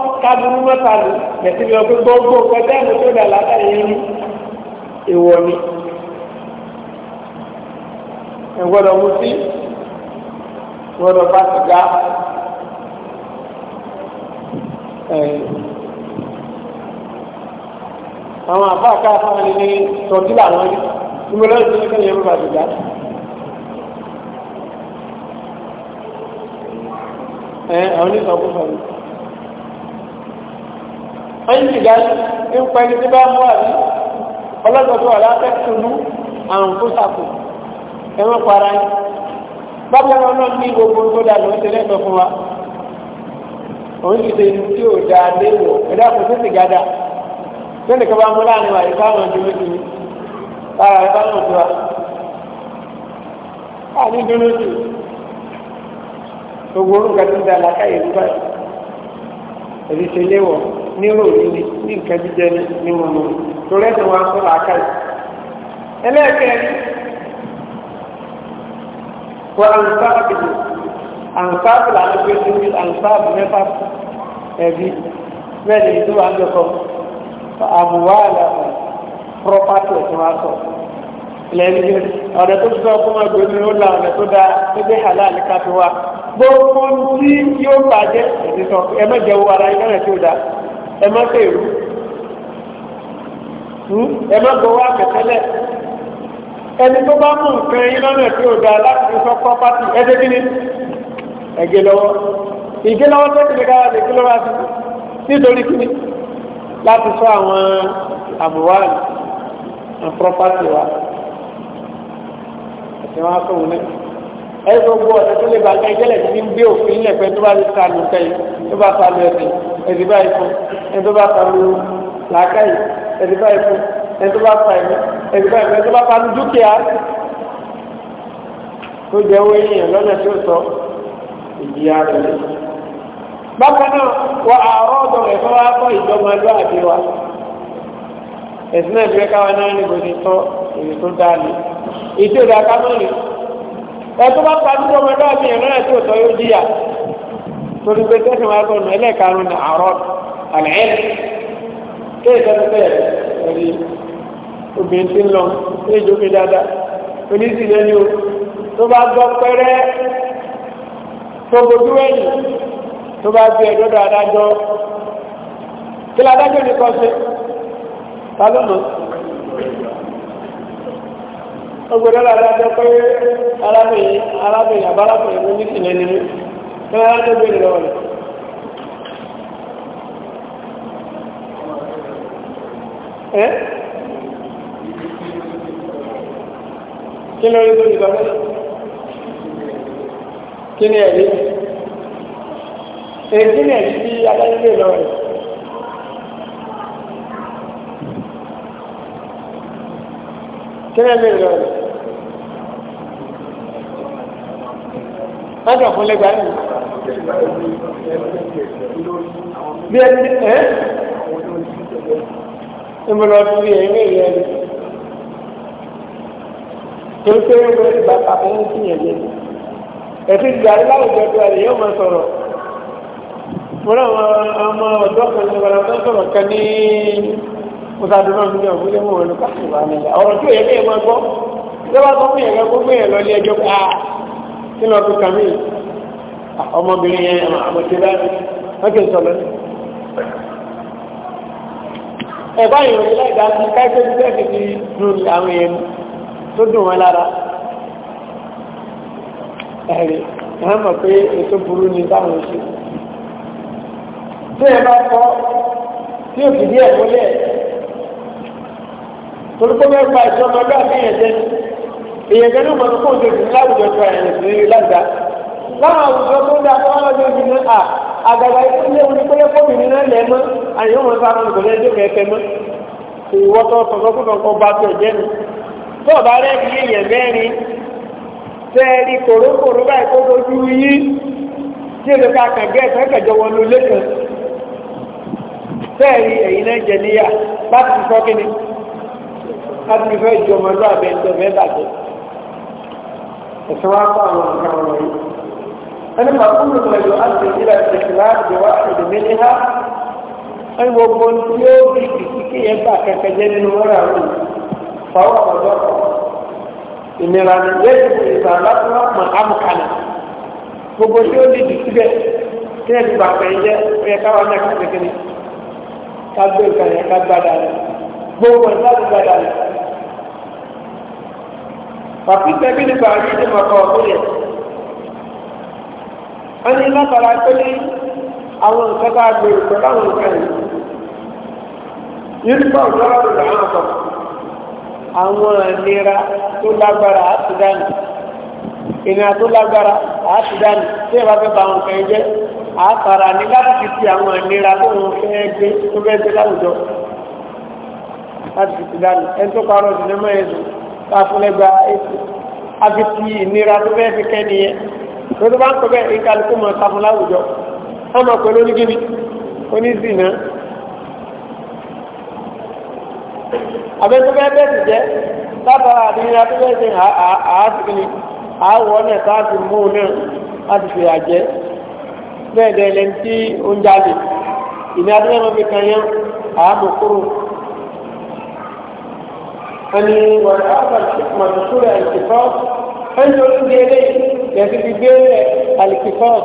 kábùrú mẹ́ta lò lẹ́sìn lọ pé gbogbo pẹ́tẹ́ ẹ̀mí tó dà látàrí yín ìwọ ni. ìgbọ́dọ̀ mutí ìgbọ́dọ̀ bá sìgá àwọn àbáàká fáwọn ní tọ́jú làwọn rí ìmọ̀lẹ́ ìṣẹ́lẹ̀ kẹ́lẹ́ yẹn bá sìgá. àwọn oníṣàkóso rẹ̀. ẹ̀yìn ìdájú ń pẹ́ ní tí bá àrí aláfẹ́kùnú àrùn tó sàkù para náà ní gbogbo tó dà ṣe lẹ́tọ̀ fún wa òun ti ṣe tí ò dáa léwọ̀ ẹ̀dá kò nìkan bá mú láàrin ìfá àwọn bá mọ̀ tó wa a ní dúró gbogbo orúkọ tó ń da làákàyè nípa ẹ̀ ẹ̀dí nírò ní ní nǹkan jíjẹ ní wọn mọ torí ẹsẹ wọn sọ làákà yìí ẹlẹ́ẹ̀kẹ́rin wọ ànsáàbì ànsáàbì làwọn gbé sí ní ànsáàbì mẹ́fà ẹ̀bí bẹ́ẹ̀ ni ìdúrà ń dọ̀kọ̀ àbúwáàlà pọ́pátì ẹ̀sìn wa sọ lẹ́yìn ọ̀rẹ́ tó sọ fún ọgbẹ́ mi ó la ọ̀rẹ́ tó dáa tó halal ká fi wá gbogbo tí yóò bàjẹ́ ẹ̀sìn sọ ẹ̀mẹ́jẹ̀ wo ara yìí lọ́rẹ̀ tó dáa ẹ má bẹ̀rù hmm? ẹ má gbọ́wọ́ àgbẹ̀tẹ́lẹ̀ ẹni tó bá mú nǹkan yín lọ́nà tí ò dáa láti fi sọ́kọ́ pátì ẹ̀dẹ́ kí ni ẹ̀gẹ́ lọ́wọ́ ìgé lọ́wọ́ tó ti lè ká lè kí lọ́wọ́ àti nítorí kí ni láti sọ àwọn àbúwáàlì àwọn pọ́pátì wa ẹ̀sìn wa sọ̀rọ̀ náà ẹsọ gbọ ọ̀sẹ̀ tó lè bá ká ìjẹ́lẹ̀ tí ń gbé òfin lẹ̀fẹ́ tó bá ká lu kẹ́yìn tó bá fa lu ẹ̀sìn ẹ̀sìn báyìí fún ẹni tó bá fa lu làákàyè ẹ̀sìn báyìí fún ẹni tó bá fa ẹ̀mí ẹ̀sìn báyìí fún ẹni tó bá fa lu dúkìá tó jẹ́ owó èèyàn lọ́nà tí ó sọ ìjìyà rẹ̀ lé. bákan náà wọ àárọ̀ ọ̀dọ̀ rẹ̀ fọwọ́ akọ ìjọba lọ àti wa ẹ̀sìn náà ẹ̀tọ́ bá pa dúró ọmọdé ọmọ ìyẹn náà tí ò tọ́ yóò díyà torí pé tẹ́sán wa kọ́ ọ̀nà ẹlẹ́ẹ̀karùn-ún ní àárọ̀ àlẹ́ kéè sọ́dún pé ẹ̀rí obìnrin ti ń lọ ní ìjókòó dáadáa oníṣìlẹ̀ ni o tó bá gbọ́ pẹ́rẹ́ tó bojú ẹ̀yìn tó bá gbé ẹjọ́ dáadáa jọ kí ládájọ́ ní kọ́ sí ta ọgbẹ̀rẹ̀ ládàjọ́ pé arábìnrin arábìnrin àbárábìnrin ló ní sílẹ̀ nínú tó yára tó gbé lọ rẹ̀ ẹ́ kí ló rí lórí bàbá kí ni ẹ̀rí èyí ni ẹ̀rí sí adájọ́ lọ rẹ̀ kí ni ẹ̀rí lọ rẹ̀ wọ́n dọ̀ fún lẹ́gbàá yìí. bí ẹ ti ẹ́ ìmọ̀lọ́ ti rí ẹ̀rí ẹ̀rí ẹ̀rí torí pé ẹ̀rọ ìgbà pàtó ń sìn yẹn lé ẹ̀fí gàrí láwùjọ tó ẹ̀rí yóò máa sọ̀rọ̀ mo rà àwọn ọmọ ọ̀dọ́ kan ní ìwọ̀n tó sọ̀rọ̀ kan ní mùsàdúrà mi ní ọ̀gbìn mọ̀ wọn ló kà sí ìwà nílẹ̀ ọ̀rọ̀ tó yẹ kí ẹ máa gbọ́ ìjọba tó fún yẹn lọ gbogbo yẹn lọ ilé ẹjọ́ pa sínú ọdún kàmí ọmọbìnrin yẹn àmọ̀tí báyìí wọ́n kì í sọ̀rọ̀ ní. ẹ̀bá ti káṣẹ́ ti fẹ́ẹ̀ fi dùn àwọn èèyàn tó dùn wọn lára. ẹ̀rí wọ́n mọ̀ pé ètò burú ni táwọn ṣe. tí ẹ bá kọ́ tí èèyàn gẹ́gẹ́ mọ̀ kó oṣù tí láwùjọ tó ẹ̀ ẹ̀ sí lágbà láwọn àwùjọ tó dá tó wọn lọ́jọ́ ìdí náà àgàgà ìdí ilé wọn ni pé fóònù ní náà mọ́ àyè wọn sá mọ́ ìwọ́ tó kó bá tó tó bá rẹ̀ èèyàn mẹ́rin kòrókòró báyìí kó tí èdè ká kẹjọ wọn ló ẹ̀yin náà jẹ níyà láti fọ́ kíni láti ẹ̀sìn wá kọ́ àwọn nǹkan wọ̀nyí. ẹni pàtó ló lọ yọ àti ìlà ìṣẹ̀kìlá ìwà ìdùnnú ní ha ẹni gbogbo tí ó bí ìsìkí yẹn bá kẹkẹ jẹ nínú wọn àwọn fàwọn ọ̀dọ́ ìnira ni yẹ́n ti ìgbà láti wọ́n mọ̀ amúkalẹ̀ gbogbo tí ó lè dì síbẹ̀ kí ẹ̀ ti gbà pẹ̀ jẹ́ ẹ̀yẹ káwọn náà kékeré ká gbé nǹkan e yẹn ká gbádà rẹ̀ gbogbo ẹ̀ láti gbádà rẹ̀ fàfi tẹ̀bí nípa àrídì màkà ọ̀gbọ́n wọ́n ní látara pé ní àwọn nǹkan bá gbé pẹ̀lú àwọn nǹkan yìí yìí bá òjò ọ̀rọ̀ làwọn kan àwọn ìlera tó lágbára àti dání ìrìn àtó lágbára àti dání tí ẹ bá fẹ́ bá àwọn nǹkan yìí jẹ́ àtàrà ní láti fi ti àwọn ìlera tó ń fẹ́ gbé tó fẹ́ gbé láwùjọ láti fi ti dání ẹni tó parọ́ ìdílé mọ́ ẹ̀dùn káfúnlẹ́gba ètò àfitì a tó fẹ́ fi kẹ́ni yẹn tó tó bá ń pẹ́ ìkálukú mọ̀ káfún láwùjọ ọmọ pẹ̀lú onígíní onízìnà àbẹ́tọ́ bẹ́ẹ̀ t'i jẹ́ látara tó bẹ́ẹ̀ àáwọ̀ náà sáàtì mú náà láti fi àjẹ́ bẹ́ẹ̀ dẹ̀ ìní adúlẹ́mọ́ fi kàn yẹn أني وهذا الحكمة سورة الكفاف أن يقول إليه يجب بيه الكفاف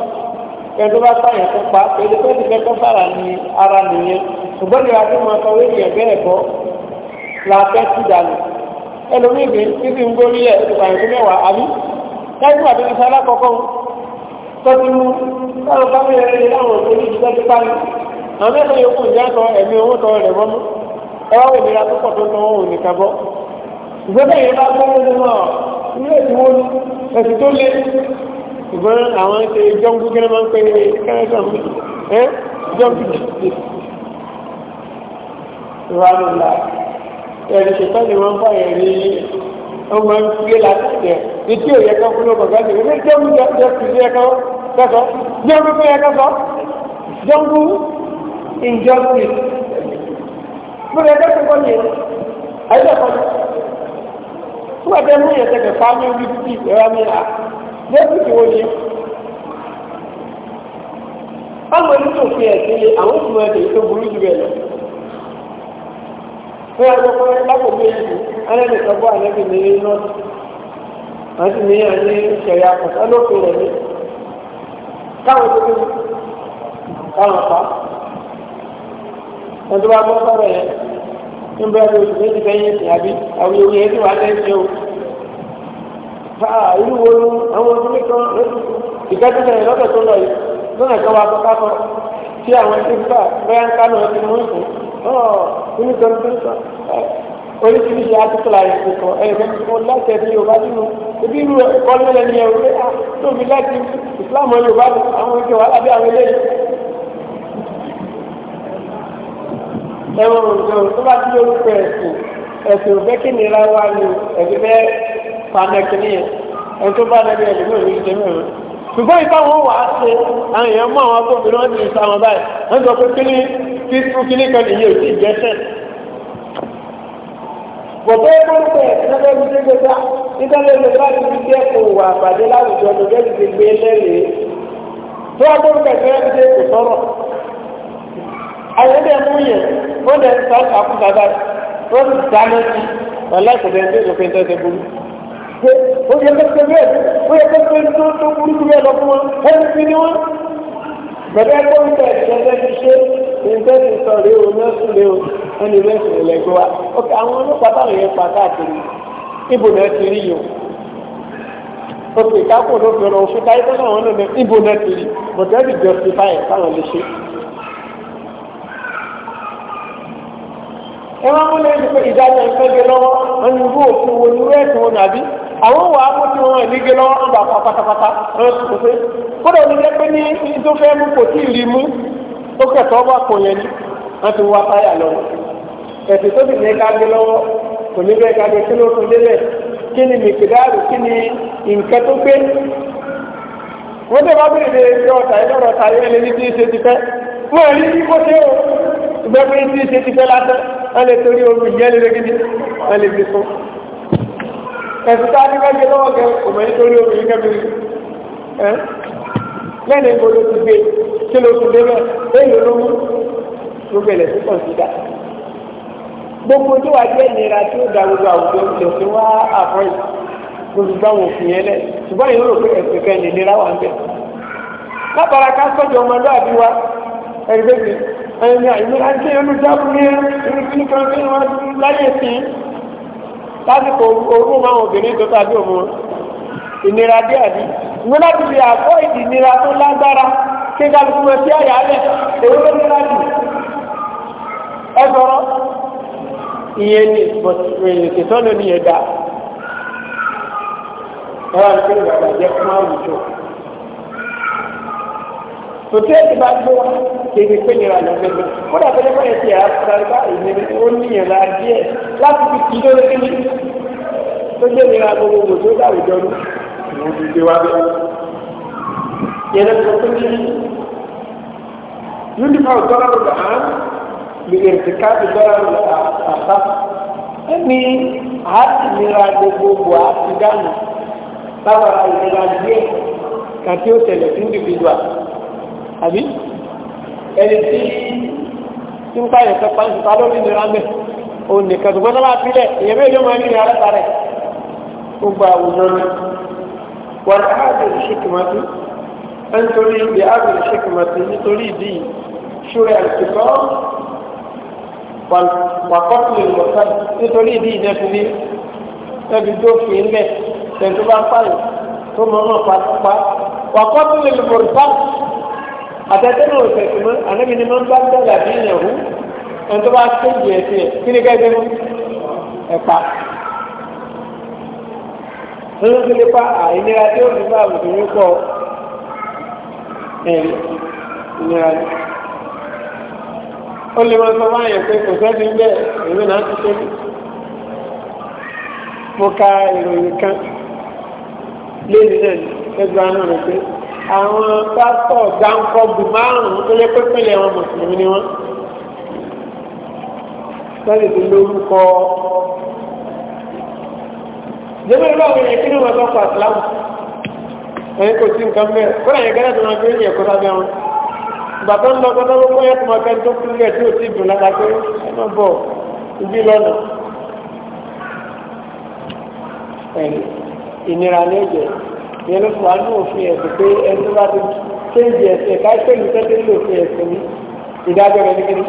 ẹ̀dọ́ bá báyà tó pa pẹ̀lú pẹ́ẹ́lú bẹ́ẹ̀ tó bára ní ara nìyẹn ṣùgbọ́n ní adé máa sọ wéyìn ẹ̀ bẹ́ẹ̀ bọ́ la fẹ́ sí dànù ẹlòmíì bí títí ń gbórí ẹ̀ ìpàyàn tó mẹ́wàá àbí láti wà tóbi sálá kọ̀ọ̀kan tó ti mú káwọn bá mi rẹ̀ láwọn òṣèlú ìjọba ti parí àwọn mẹ́fẹ̀ẹ́ yòókù ìjà sọ ẹ̀mí owó tọ́ rẹ̀ mọ́mú ẹwà wò nira tó pọ̀ tó tán wọn ò ní kábọ́ ìgbọ́n bẹ́ẹ̀ yẹn bá gbọ́ lójú náà ilé tí wọ́n ẹ̀sìn tó lé ìgbọ́n àwọn ṣe jọ́ǹgù kí ni máa ń pè é kẹ́rẹ́sàn mi ẹ́ jọ́ǹgù kìí ìwádìí ẹ̀rì ṣètọ́ ni wọ́n fà yẹn ní ọmọ ìfúlé látẹ̀tẹ̀ etí òye kan fún ọkọ̀ gáàsì ìwé jọ́ǹgù jọ́ǹgù yẹ kọ́ sọ́sọ́ jọ́ǹgù yẹ kọ́ sọ́ jọ́ǹgù injustice. bẹ̀rẹ̀ ẹgbẹ́ tó kọ́ ni ẹ̀ ẹgbẹ́ kọ́ ya fún ẹgbẹ́ mú yẹn tẹ̀lé fáwọn ẹbí títí ìwẹ́wà mi à lẹ́bí tí wọ́n yẹ. báwo ni tó fi ẹ̀sìn lé àwọn ìtumọ̀ ya tó burú jù bẹ́ẹ̀ lọ. fún ya ya ń bẹ́ẹ̀ lóṣù méjì fẹ́yìn ìsìn àbí àwọn ìwé ẹ̀dùn wà lẹ́yìn ṣe o. fáà irú wo ni àwọn ọdún kan ìgbẹ́jú lẹ́yìn lọ́dọ̀ tó lọ yìí lọ́nà kan wà tó kákọ tí àwọn ẹni fà bẹ́ẹ̀ ń kánú ẹni mú ìfún ọ̀ nínú kan tó ń sọ oríṣiríṣi atukula yẹn ti kọ ẹ bẹ mo láti ẹbí yorùbá nínú ebi irú ẹ̀kọ́ lẹlẹ ni ẹ wọlé ah tóbi láti islam yorùbá àwọn ìjọba àbí àwọn eléyìí ẹ̀rọ òjò tó bá ti lórúkọ ẹ̀sìn ẹ̀sìn òfẹ́ kí nira wá ní ẹ̀sìn bẹ́ẹ̀ pàmẹ́kìnì ẹ̀ tó bá lẹ́bi ẹ̀sìn lórí ìṣẹ́ mẹ́rin. ṣùgbọ́n ìfá wọn wà á ṣe àwọn èèyàn mú àwọn agbóhùn náà ní ìta wọn báyìí wọ́n sọ pé kíní fífún kíní kan nìyí ò sí ìjẹ́sẹ̀. bọ̀dọ̀ ìgbọ́dọ̀ ẹ̀sìn lọ́dọ̀ ìgbẹ́gbẹ́ àyè dẹ̀ mú yẹ wọ́n dẹ̀ sá àkúta bá wọ́n ti dá lẹ́sí wàhálà ìkọ̀dẹ̀ ń tẹ̀sọ̀ fún ìtẹ̀sẹ̀ burú. ó yẹ kẹ́kẹ́ bẹ́ẹ̀ ó yẹ kẹ́kẹ́ tó tó burú jù bẹ́ẹ̀ lọ fún wọn wọ́n ti ní wọn. bẹ̀rẹ̀ ẹgbẹ́ ń bẹ̀ ṣẹlẹ̀ ti ṣe ìtẹ̀sẹ̀ sọ rèé o lẹ́sùn rèé o wọ́n ní lẹ́sùn ìlẹ̀gbẹ́ wa. ok àwọn ọlọ́pàá báwọn yẹn pa káàkiri ibò náà ti rí yìí o. ok káàkó ló bẹ̀rẹ̀ òfin táyé tẹ́lẹ̀ wọn lónìí ibò náà ti rí bọ̀dẹ́ẹ̀dì justify ẹ máa mú lẹ́yìn pé ìdájọ́ ìfẹ́gẹ́ lọ́wọ́ ẹni bó òfin wo ni wẹ́ẹ̀sì wọn nàbí àwọn wà á mú tí wọn ìlígé lọ́wọ́ ń bà pa pátápátá wọn sì pé kódà ní jẹ́ pé ní tó fẹ́ mú kò tí ì rí mú ó kẹ̀tọ́ bá kò yẹn ni wọ́n ti wá táyà lọ́wọ́ ẹ̀sìn tó sì ní ká gbé lọ́wọ́ kò ní bẹ́ẹ̀ ká gbé kí ló tún délẹ̀ kí ni mìkìdáàrú kí ni nǹkan tó gbé wọ́n tẹ́ bá bèrè lè ṣe ọ̀tà ìlọ́rọ̀ o ìgbẹ́gbẹ́ tí ì ṣe ti fẹ́ wọ́n lè torí omi ìyẹ́lẹ̀ lé gidi wọ́n lè fi fún ẹ̀sùn tá a ní mẹ́jẹ lọ́wọ́ kẹ òmò ní torí omi yìí kẹ́bi ẹ́ lẹ́nu ìbò ló ti gbé kí ló ti dé mẹ́ lẹ́yìn olómú gbogbo ẹ̀lẹ́ sí kọ̀ǹsídà gbogbo tó wà jẹ́ ìnira tí ó da gbogbo àwùjọ lè fi wá àfọ́yì gbogbo àwọn òfin yẹn lẹ̀ ṣùgbọ́n ìlú rò pé ẹ̀sìn kẹ́ ìnira wà ń bẹ̀ lábàrá ká sọ́jọ́ ọmọdé àbí wa ẹ̀rí ẹni àìmúra tí olùdáàbò ní irú kí nìkan tí wọ́n láyé sí lásìkò orúkọ máa obìnrin tó tàbí òun ìnira bí àbí ìwé láti fi àkọ́ ìdí ìnira tó lágbára kí kálukú wọn sí àyálẹ̀ èyí ló nira jù ẹ sọ̀rọ̀ ìyẹn ni ìtọ́nù ni ẹ̀dá ẹ̀rọ àti kí ni bàbá jẹ́ fún àwùjọ tòtí ẹ̀ ti bá gbó wa kéde pé nira lọ gbẹgbẹ ó dàbí ẹgbẹ́ yẹn ti yàrá sáré ìnira ó ní ìyàrá díẹ̀ láti fi kí lórí kíni tó jẹ́ nira gbogbogbò tó dáwùjọ ló mo ti gbé wa bẹ́ẹ̀. yẹn lọ tó ní yunifásitì dọ́là lọ́dọ̀ hàn lè èrìtì káàdì dọ́là lọ́dọ̀ àtà ẹni àti nira gbogbogbò àti dànù táwọn ìnira díẹ̀ kàtí ó tẹ̀lé individual àbí ẹni tí tí ń káyọ̀ kẹpa ń sùpá lórí ìnira mẹ́ òun nìkan tó gbọ́dọ̀ láti lẹ̀ èyàn mẹ́rin ló máa ń rìn aráta rẹ̀ ó gba àwùjọ mi wọn áàbò ìṣèkìmọ́tì nítorí ìdí áàbò ìṣèkìmọ́tì nítorí ìdí ṣúrẹ́ àtìkọ́ wàkọ́kùnrin ìwọ̀sán nítorí ìdí ìdẹ́fin ní ẹbí tó fi ń lẹ̀ tẹ̀síwá pààyàn tó mọ̀ náà pàápàá wàkọ́kùnrin ìwọ̀sán àtẹ̀tẹ̀nù ọ̀sẹ̀ tó mọ́ ànábi ni máa ń bá dàgbà bí ìyàwó ẹni tó bá séjì ẹ̀sìn ẹ̀ kí ni ká ẹgbẹ́ mú ẹ̀pa. nínú tó lè pa àìnira tí ó fi bá àbùkùnrin pọ̀ ẹ̀rí ìnira ni. ó lè máa sọ fáyọ̀ pé kò sẹ́ni bẹ́ẹ̀ èmi náà ti ṣe mo ka ìròyìn kan lé ní náà ẹgbẹ́ àánú rẹ̀ pé àwọn pásítọ̀ gbáǹkọ́bù márùn-ún tó lé pépìlẹ̀ wọn mùsùlùmí ni wọ́n lọ́dẹ̀ tó lórúkọ jẹ́bẹ̀rẹ̀ lọ́wọ́ yẹn kí ni wọ́n tọ́kọ̀ àtìláàmù ẹ̀yìn kò sí nǹkan bẹ́ẹ̀ kọ́nà yẹn gẹ́rẹ́ tó máa gbé yẹn kó sábẹ́ wọn ìgbà tó ń lọ tó tọ́lọ́ kó yẹn tó máa fẹ́ tó kú lẹ̀ tí ò sí dùn lára ẹ má bọ̀ ibi lọ́nà ìnira ní ìyẹn ló fà á ní òfin ẹ̀sìn pé ẹni tó bá ti kéèjì ẹ̀sìn ẹ̀ka ẹ̀sìn ní tẹ́tẹ́ nílò òfin ẹ̀sìn ní ìdájọ́ rẹ̀ nígbìrì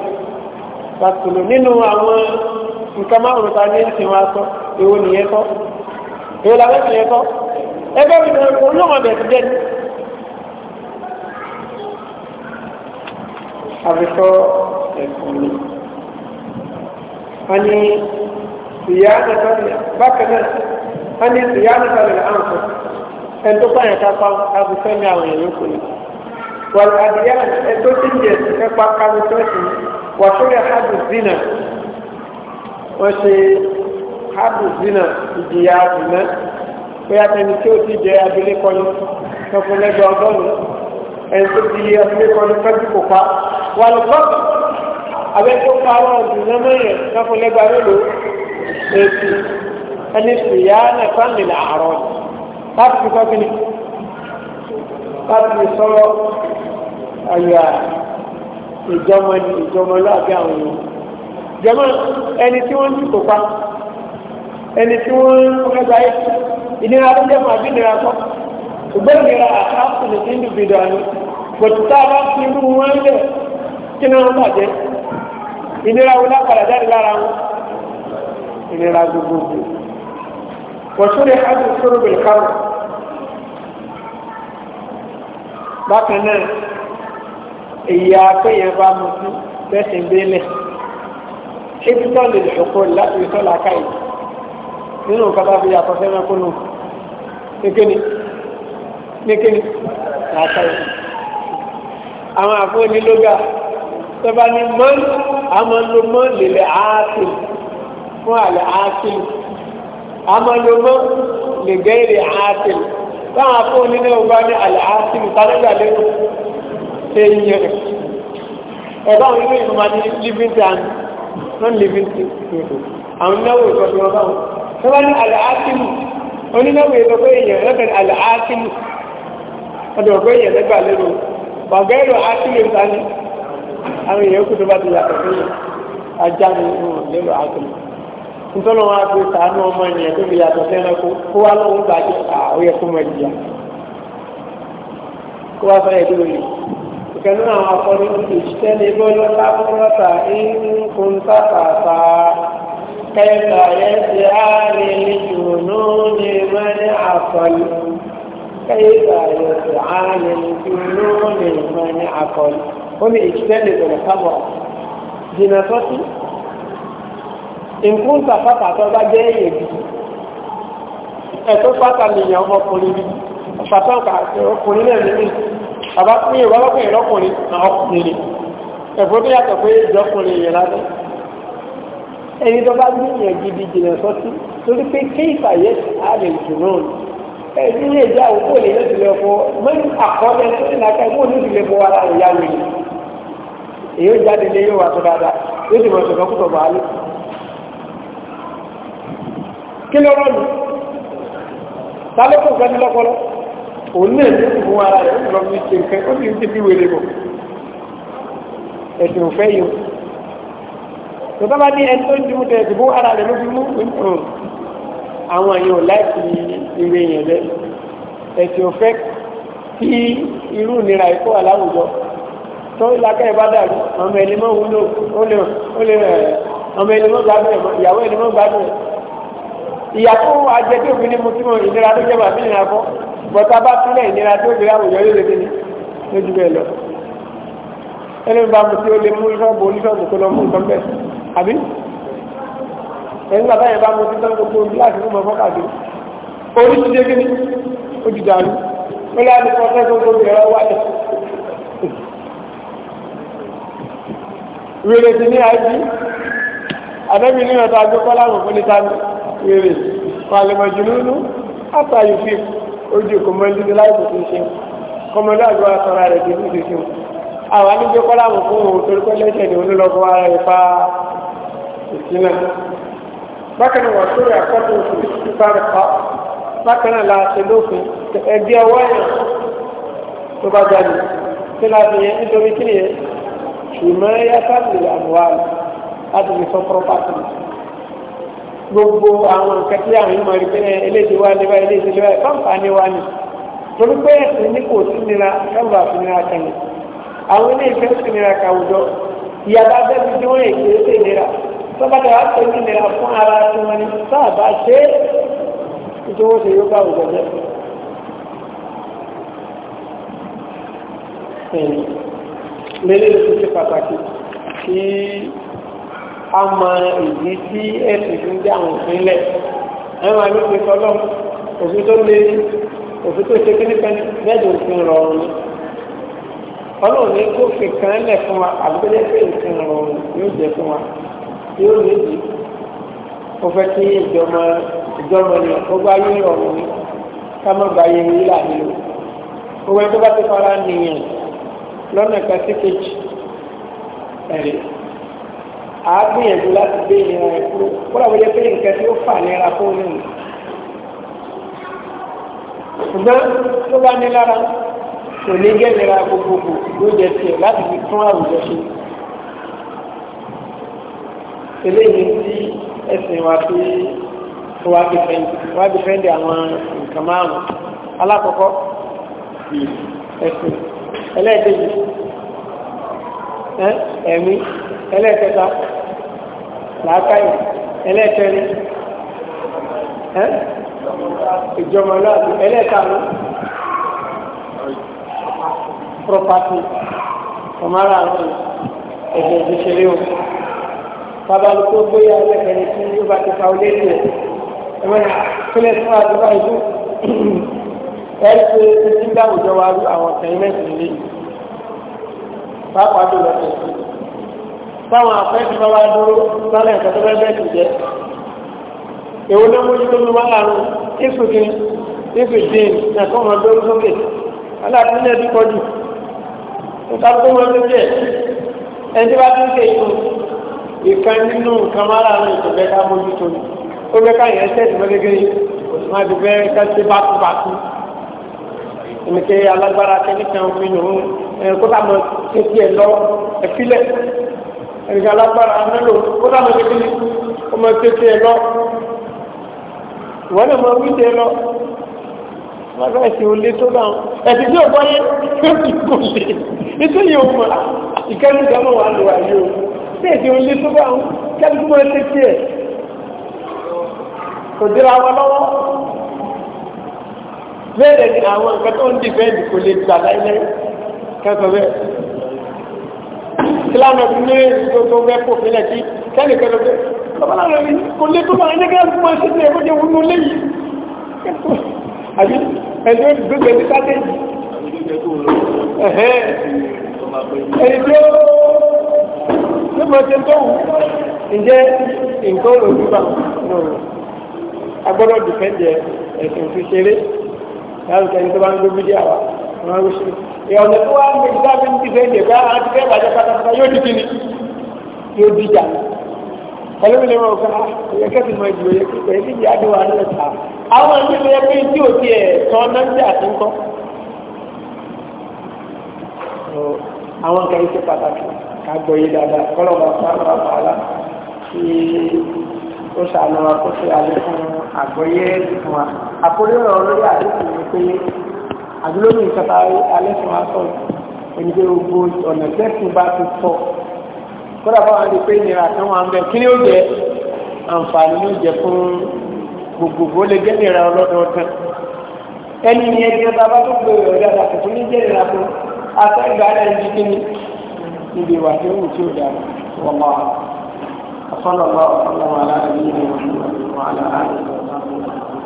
pàtàkì nínú àwọn nǹkan márùn-ún ta ní ìsìn wa sọ èwo nìyẹn kọ́ èwo làwọn ìsìn yẹn kọ́ ẹgbẹ́ mi ni. àfikọ́ ẹ̀sìn ni wọ́n ní ìyá àtàkọ́ bákan náà ẹ̀tọ́ báyẹn kápá abùfẹ́ ní àwọn èèyàn kò ní. wọ́n adìyẹ ẹ̀tọ́ tí ń jẹ ẹ̀pá kábù tọ́sí wà sórí hadu zina wọ́n ṣe hadu zina ìjìyà àbùmẹ́ bóyá tẹni tí ó ti jẹ abilékọ ní tọkùn lẹ́gbẹ̀ ọgọ́rùn ẹni tó ti yẹ abilékọ ní pẹ́ẹ́tì kò pa wà lọ́pọ̀ abẹ́tó parọ́ ọ̀dùnmọ́ mẹ́yẹn tọkùn lẹ́gbẹ̀ arẹ́lò èsì ẹni sì yá náà fámìlì àárọ̀ ni láti fi kọ́kí ni láti fi sọ̀rọ̀ àyà ìjọmọ ni ìjọmọ láàbí àwọn èèyàn jọmọ ẹni tí wọ́n ń dìbò pa ẹni tí wọ́n ń kọ́kẹ́ báyé ìnira tó jẹ́ màbí ìnira kọ́ ṣùgbọ́n ìnira àkàkùnrin tí ń dùbì dànù bọ̀tù tá a bá fi irú wọn lẹ̀ kí ni wọ́n bàjẹ́ ìnira wo lápàdà jáde lára wọn ìnira gbogbogbò wọ́n tún lè hajj sórò bẹ̀rẹ̀ kárọ̀. bákan náà ìyá péye bá mu sí bẹ́sẹ̀ délẹ̀ ṣébítọ́ lè ṣòkò láti fi sọ́lá káyì nínú nǹkan bá fi yàtọ̀ sẹ́nu kó nù nìkéni nìkéni làákàyè àwọn àfọ onílógà tọ́ba ní mọ́n àmọ́ ló mọ́n lèlè áàtì fún àlẹ́ áàtì àmọ́ ló mọ́n lè gẹ́rẹ́ áàtì táwọn afọ onílé ọba ní àlàáfíà ìtàlẹ́gbà lérò ṣe ń yẹ rẹ̀ ẹ̀bá àwọn ilé ìlú máa ní living and non living people àwọn náwó ìtọ́jú wọn báwọn tó bá ní àlàáfíà onínáwó ìtọ́jú èèyàn lẹ́gbẹ̀ẹ́ àlàáfíà ọdọ̀ ọ̀gbẹ́ èèyàn lẹ́gbà lérò bàbá ẹ̀rọ àtìlẹ̀ ìtàlẹ́ àwọn èèyàn kú tó bá ti yàtọ̀ sí àjá ni wọn lérò àtìlẹ̀ ntọ́nà wa fi sànú ọmọ ènìyàn tó fi yàtọ̀ sẹ́nu kó kó wa lọ́wọ́ gbàjẹ́ à ó yẹ kó mọ ìyá kó wa fẹ́ yẹ kó yẹ ìkànnì àwọn akọni ìṣiṣẹ́ ní bọ́ọ̀lù lápúrọ́tà ìkúntàtàtà kẹta yẹsẹ àárín ìdùnnú ní mẹ́rin àkọlù kẹta yẹsẹ àárín ìdùnnú ní mẹ́rin àkọlù ó ní ìṣiṣẹ́ ní bọ́ọ̀lù sábọ̀ jìnnà sọ́tún. nǹkan sàpàtà tó bá jẹ́ èyàn bí ẹ̀tọ́ pátá nìyàn ọmọkùnrin bí ṣàtọ́ka ọkùnrin náà níbi àbá ní ìwọ́lọ́kùnrin lọ́kùnrin na ọkùnrin ẹ̀fọ́ tó yàtọ̀ pé ìjọkùnrin yẹn ẹni tó bá gbìyàn gidi jìnà sọ́tí torí pé kéèkà yẹ ààrẹ ìjùnà ẹni mẹ́rin tó nàkà ara ìyá èyí ó jáde lé yóò wà tó dáadáa yóò ti mọ̀ kí ló rọ́ọ̀lù tálọ́kùn kan ní lọ́pọ̀lọ́ òun náà ní ìfún ara rẹ̀ ó lọ fi ṣe nǹkan ó sì ń ti fi wèrè bọ̀ ẹ̀sìn òfẹ́ yìí tó bá bá ní ẹni tó ń ju tẹ̀ ẹ̀sìn fún ara rẹ̀ ló fi mú àwọn èèyàn láti ìwé yẹn lẹ ẹ̀sìn òfẹ́ kí irú ìnira ẹ̀kọ́ aláwùjọ tó lákẹ́ ẹ̀ bá dàrú ọmọ ẹni mọ́ wúlò ó lè ọmọ ẹni mọ́ gbádùn ìyàwó ẹni mọ́ gbádùn ìyàtọ̀ àjẹjọ́ mi ni mo ti mọ ìnira tó jẹ́ bàbí ìnira fún bọ́tà bá túnlẹ̀ ìnira tó gbé àwùjọ lè lè ní lójú bẹ́ẹ̀ lọ. ẹni bá mo ti ó lè mú ìṣọ́ọ̀bù oníṣọ́ọ̀bù tó lọ mú nǹkan bẹ́ẹ̀ àbí ẹni bàbá yẹn bá mo ti tán gbogbo gíláàsì fún mọ́fọ́ kàdé oríṣi dé kíni ó ti dàrú ó lé àdìpọ̀ tẹ́sán tó bẹ̀rẹ̀ wáyé. wèrè ti ní àìjí àdẹ́bí ní ọ̀tọ̀ àjọkọ́ láwọn fún ní sáà wèrè palimọ̀jùlúnú àtàyè fi ojú kò mọ ní láìpẹ́ tó ṣe kọmọdé àgbà sọ̀rọ̀ rẹ̀ di fún ṣiṣẹ́ àwọn anúgbé kọ́lá mú fún òun torí pé lẹ́sẹ̀ ni onílọ́gbọ́ ara rẹ̀ fa ìsinà bákan náà wọ́n sórí àkọ́tù òfin pípa rẹ̀ pa bákan náà la ṣe lófin ẹbí ọwọ́ yẹn tó bá jáde tí la fi yẹn nítorí kí ni yẹn ṣùgbọ́n yá sábìlì gbogbo àwọn nǹkan tí àwọn ìmọ̀ rí pé eh, eléyìí wá lébà eléyìí lébà fáǹfààní wá ni torí pé ẹ̀sìn ní kò sí nira kábà fún nira kalẹ̀ àwọn ilé ìfẹ́ sí nira kàwùjọ ìyàbá bẹ́ẹ̀ tí wọ́n èké sí nira sọ́kàtà wá pé ní nira fún ara tí wọ́n ní sáàbà ṣe é tí wọ́n ṣe yóò bá àwùjọ jẹ́. lélẹ́yìn tó ṣe pàtàkì kí a mọ ìdí tí ẹ̀sìn fi ń dé àwọn òfin lẹ̀ ẹ̀rọ àlùfẹ́ sọlọ́ òfin tó lé òfin tó ṣe kíní kan mẹ́jọ òfin rọrùn ọlọ́run ní kó fi kan lẹ̀ fún wa àbúkẹ́lẹ́ pé òfin rọrùn yóò jẹ fún wa yóò méjì ó fẹ́ kí ìjọba ìjọba ni ọgbà yóò rọrùn ni ká má ba yẹ wí là nílò gbogbo ẹni tó bá ti fara nìyẹn lọ́nà kan sí kejì ẹ̀rí á gbìyànjú láti gbé ìnira rẹ̀ kúrò kúrò àwọn ẹgbẹ́ nǹkan tí ó fà nira fún ní nù. ṣùgbọ́n tó bá ní lára kò ní gé ìnira gbogbogbò ló jẹ tiẹ̀ láti fi tún àwùjọ ṣe. eléyìí tí ẹsìn wa fi wá fi fẹ́ǹdì wá fi fẹ́ǹdì àwọn nǹkan márùn-ún alákọ̀ọ́kọ́ ẹ̀sìn ẹlẹ́ẹ̀kejì ẹ̀mí ẹlẹ́ẹ̀kẹta làákàyè ẹlẹ́ẹ̀kẹrin ẹ́ ìjọba ọlọ́àbí ẹlẹ́ẹ̀karùn property ọmọara àwọn ẹ̀jẹ̀ ìṣẹ̀lẹ̀ o babalu tó gbóyà ẹlẹ́ẹ̀kẹrin tí ó bá ti fa olé tó ẹ̀wọ̀n kílẹ̀ tó wà tó bá ìlú ẹ̀rí pé títí dáwùjọ wa àwọn ọ̀tẹ̀ ilé ìsìn lé pàápàá jùlọ tẹ̀sí táwọn afẹ́sí bá wá dúró lálẹ́ ẹ̀kọ́ tó bẹ́ẹ̀ bẹ́ẹ̀ jẹ́ èwo ló mú yín tó mú wá àrùn ìfìkì ìfìdí ẹ̀kọ́ ọmọ lórí sókè aláàtúndé ti kọjú nǹkan tó wọn ló jẹ ẹni bá ti ń ṣe ìtò ìkan nínú nǹkan mára àrùn ètò bẹ́ẹ̀ ká mójú tó ní ó bẹ́ẹ̀ ká yẹn ṣẹ́ẹ̀tì mọ́gẹ́gẹ́ òṣùmá ti bẹ́ẹ̀ ká ṣe bákúbákú ẹnìkẹ́ alágbára kẹ́míkà òfin òun ẹ̀kọ́ tá a mọ̀ ṣe tiẹ̀ lọ ẹ̀fílẹ̀ ẹ̀ka alágbára amẹ́lò ó dàbọ̀ tó kíni ó máa tètè ẹ lọ ìwọ́n náà máa wí tẹ ẹ lọ lábẹ́ ẹ̀sìn olè tó dáhùn ẹ̀sìn tí ò bá yẹ kí kò lè nítorí yóò mọ̀ ìkẹ́lù gbọ́mọ̀ wà lò wáyé o tí èsì olè tó dáhùn kẹ́lù máa tètè ẹ̀ kò dira wọn lọ́wọ́ bẹ́ẹ̀ ni àwọn nǹkan tó ń dìbẹ́ẹ̀dì kò lè gbà láyé lẹ́yìn kẹ́kọ̀ọ́ bẹ́ẹ̀ ìlànà tí ní tó bẹ́ kó fílẹ̀ sí kẹ́nìkan ló dé babalá rẹ̀ ní kò lé tó máa nígbà tó máa ṣe ẹ̀kọ́ jẹ́ wúnú léyìí àbí ẹ̀jẹ̀ gbogbo ẹ̀jẹ̀ sáté ẹ̀yìn tí ó ní mo ṣe tó wù ǹjẹ́ nǹkan ò lòdù bá agbọ́dọ̀ dìfẹ́ǹdì ẹ̀sìn fi ṣeré láti ẹni tó bá ń gbé bídí àwa àwọn oṣù ìyọ̀nà tó wá ń bẹ ìdá mi ti fẹ́ lè bá àwọn fẹ́ bàjẹ́ pátápátá yóò di kíni yóò di jà ẹlẹ́mìí lè mọ̀ ọ́kọ́ ẹ̀yẹ kẹ́sì mọ̀ ìdìbò yẹ kí ẹ̀yẹ kíjì adé wa nílẹ̀ ta àwọn ẹgbẹ́ mi yẹ pé tí ò tiẹ̀ tán náà ń jà sí ńkọ́ àwọn kan ṣe pàtàkì ká gbọ́ yé dáadáa kọ́lọ́ bá fún àwọn àwọn àlá tí ó ṣàlọ́ àkóso àlékún àgbọ́yé fún wa àkórí ọ̀rọ̀ lórí àdéhùn ni àbí lórí nǹkan tá alẹ́ sùn á sọ̀rọ̀ ẹni pé gbogbo ọ̀nà tẹ́sùn bá ti sọ kódà báwa ni pé ìnira kan wà ń bẹ kí ni ó jẹ àǹfààní ló jẹ fún gbogbogbò lè jẹ́ ìnira ọlọ́dọọdún ẹni ní ẹni ọba bá tó gbé ìrọ̀ dáadáa kò tún ní jẹ́ ìnira fún àtẹ́gbà rẹ̀ ní kí ni níbi ìwà tí ó wù tí ó dà wọ́n mọ́ wa. وصلى الله وسلم على نبينا محمد وعلى اله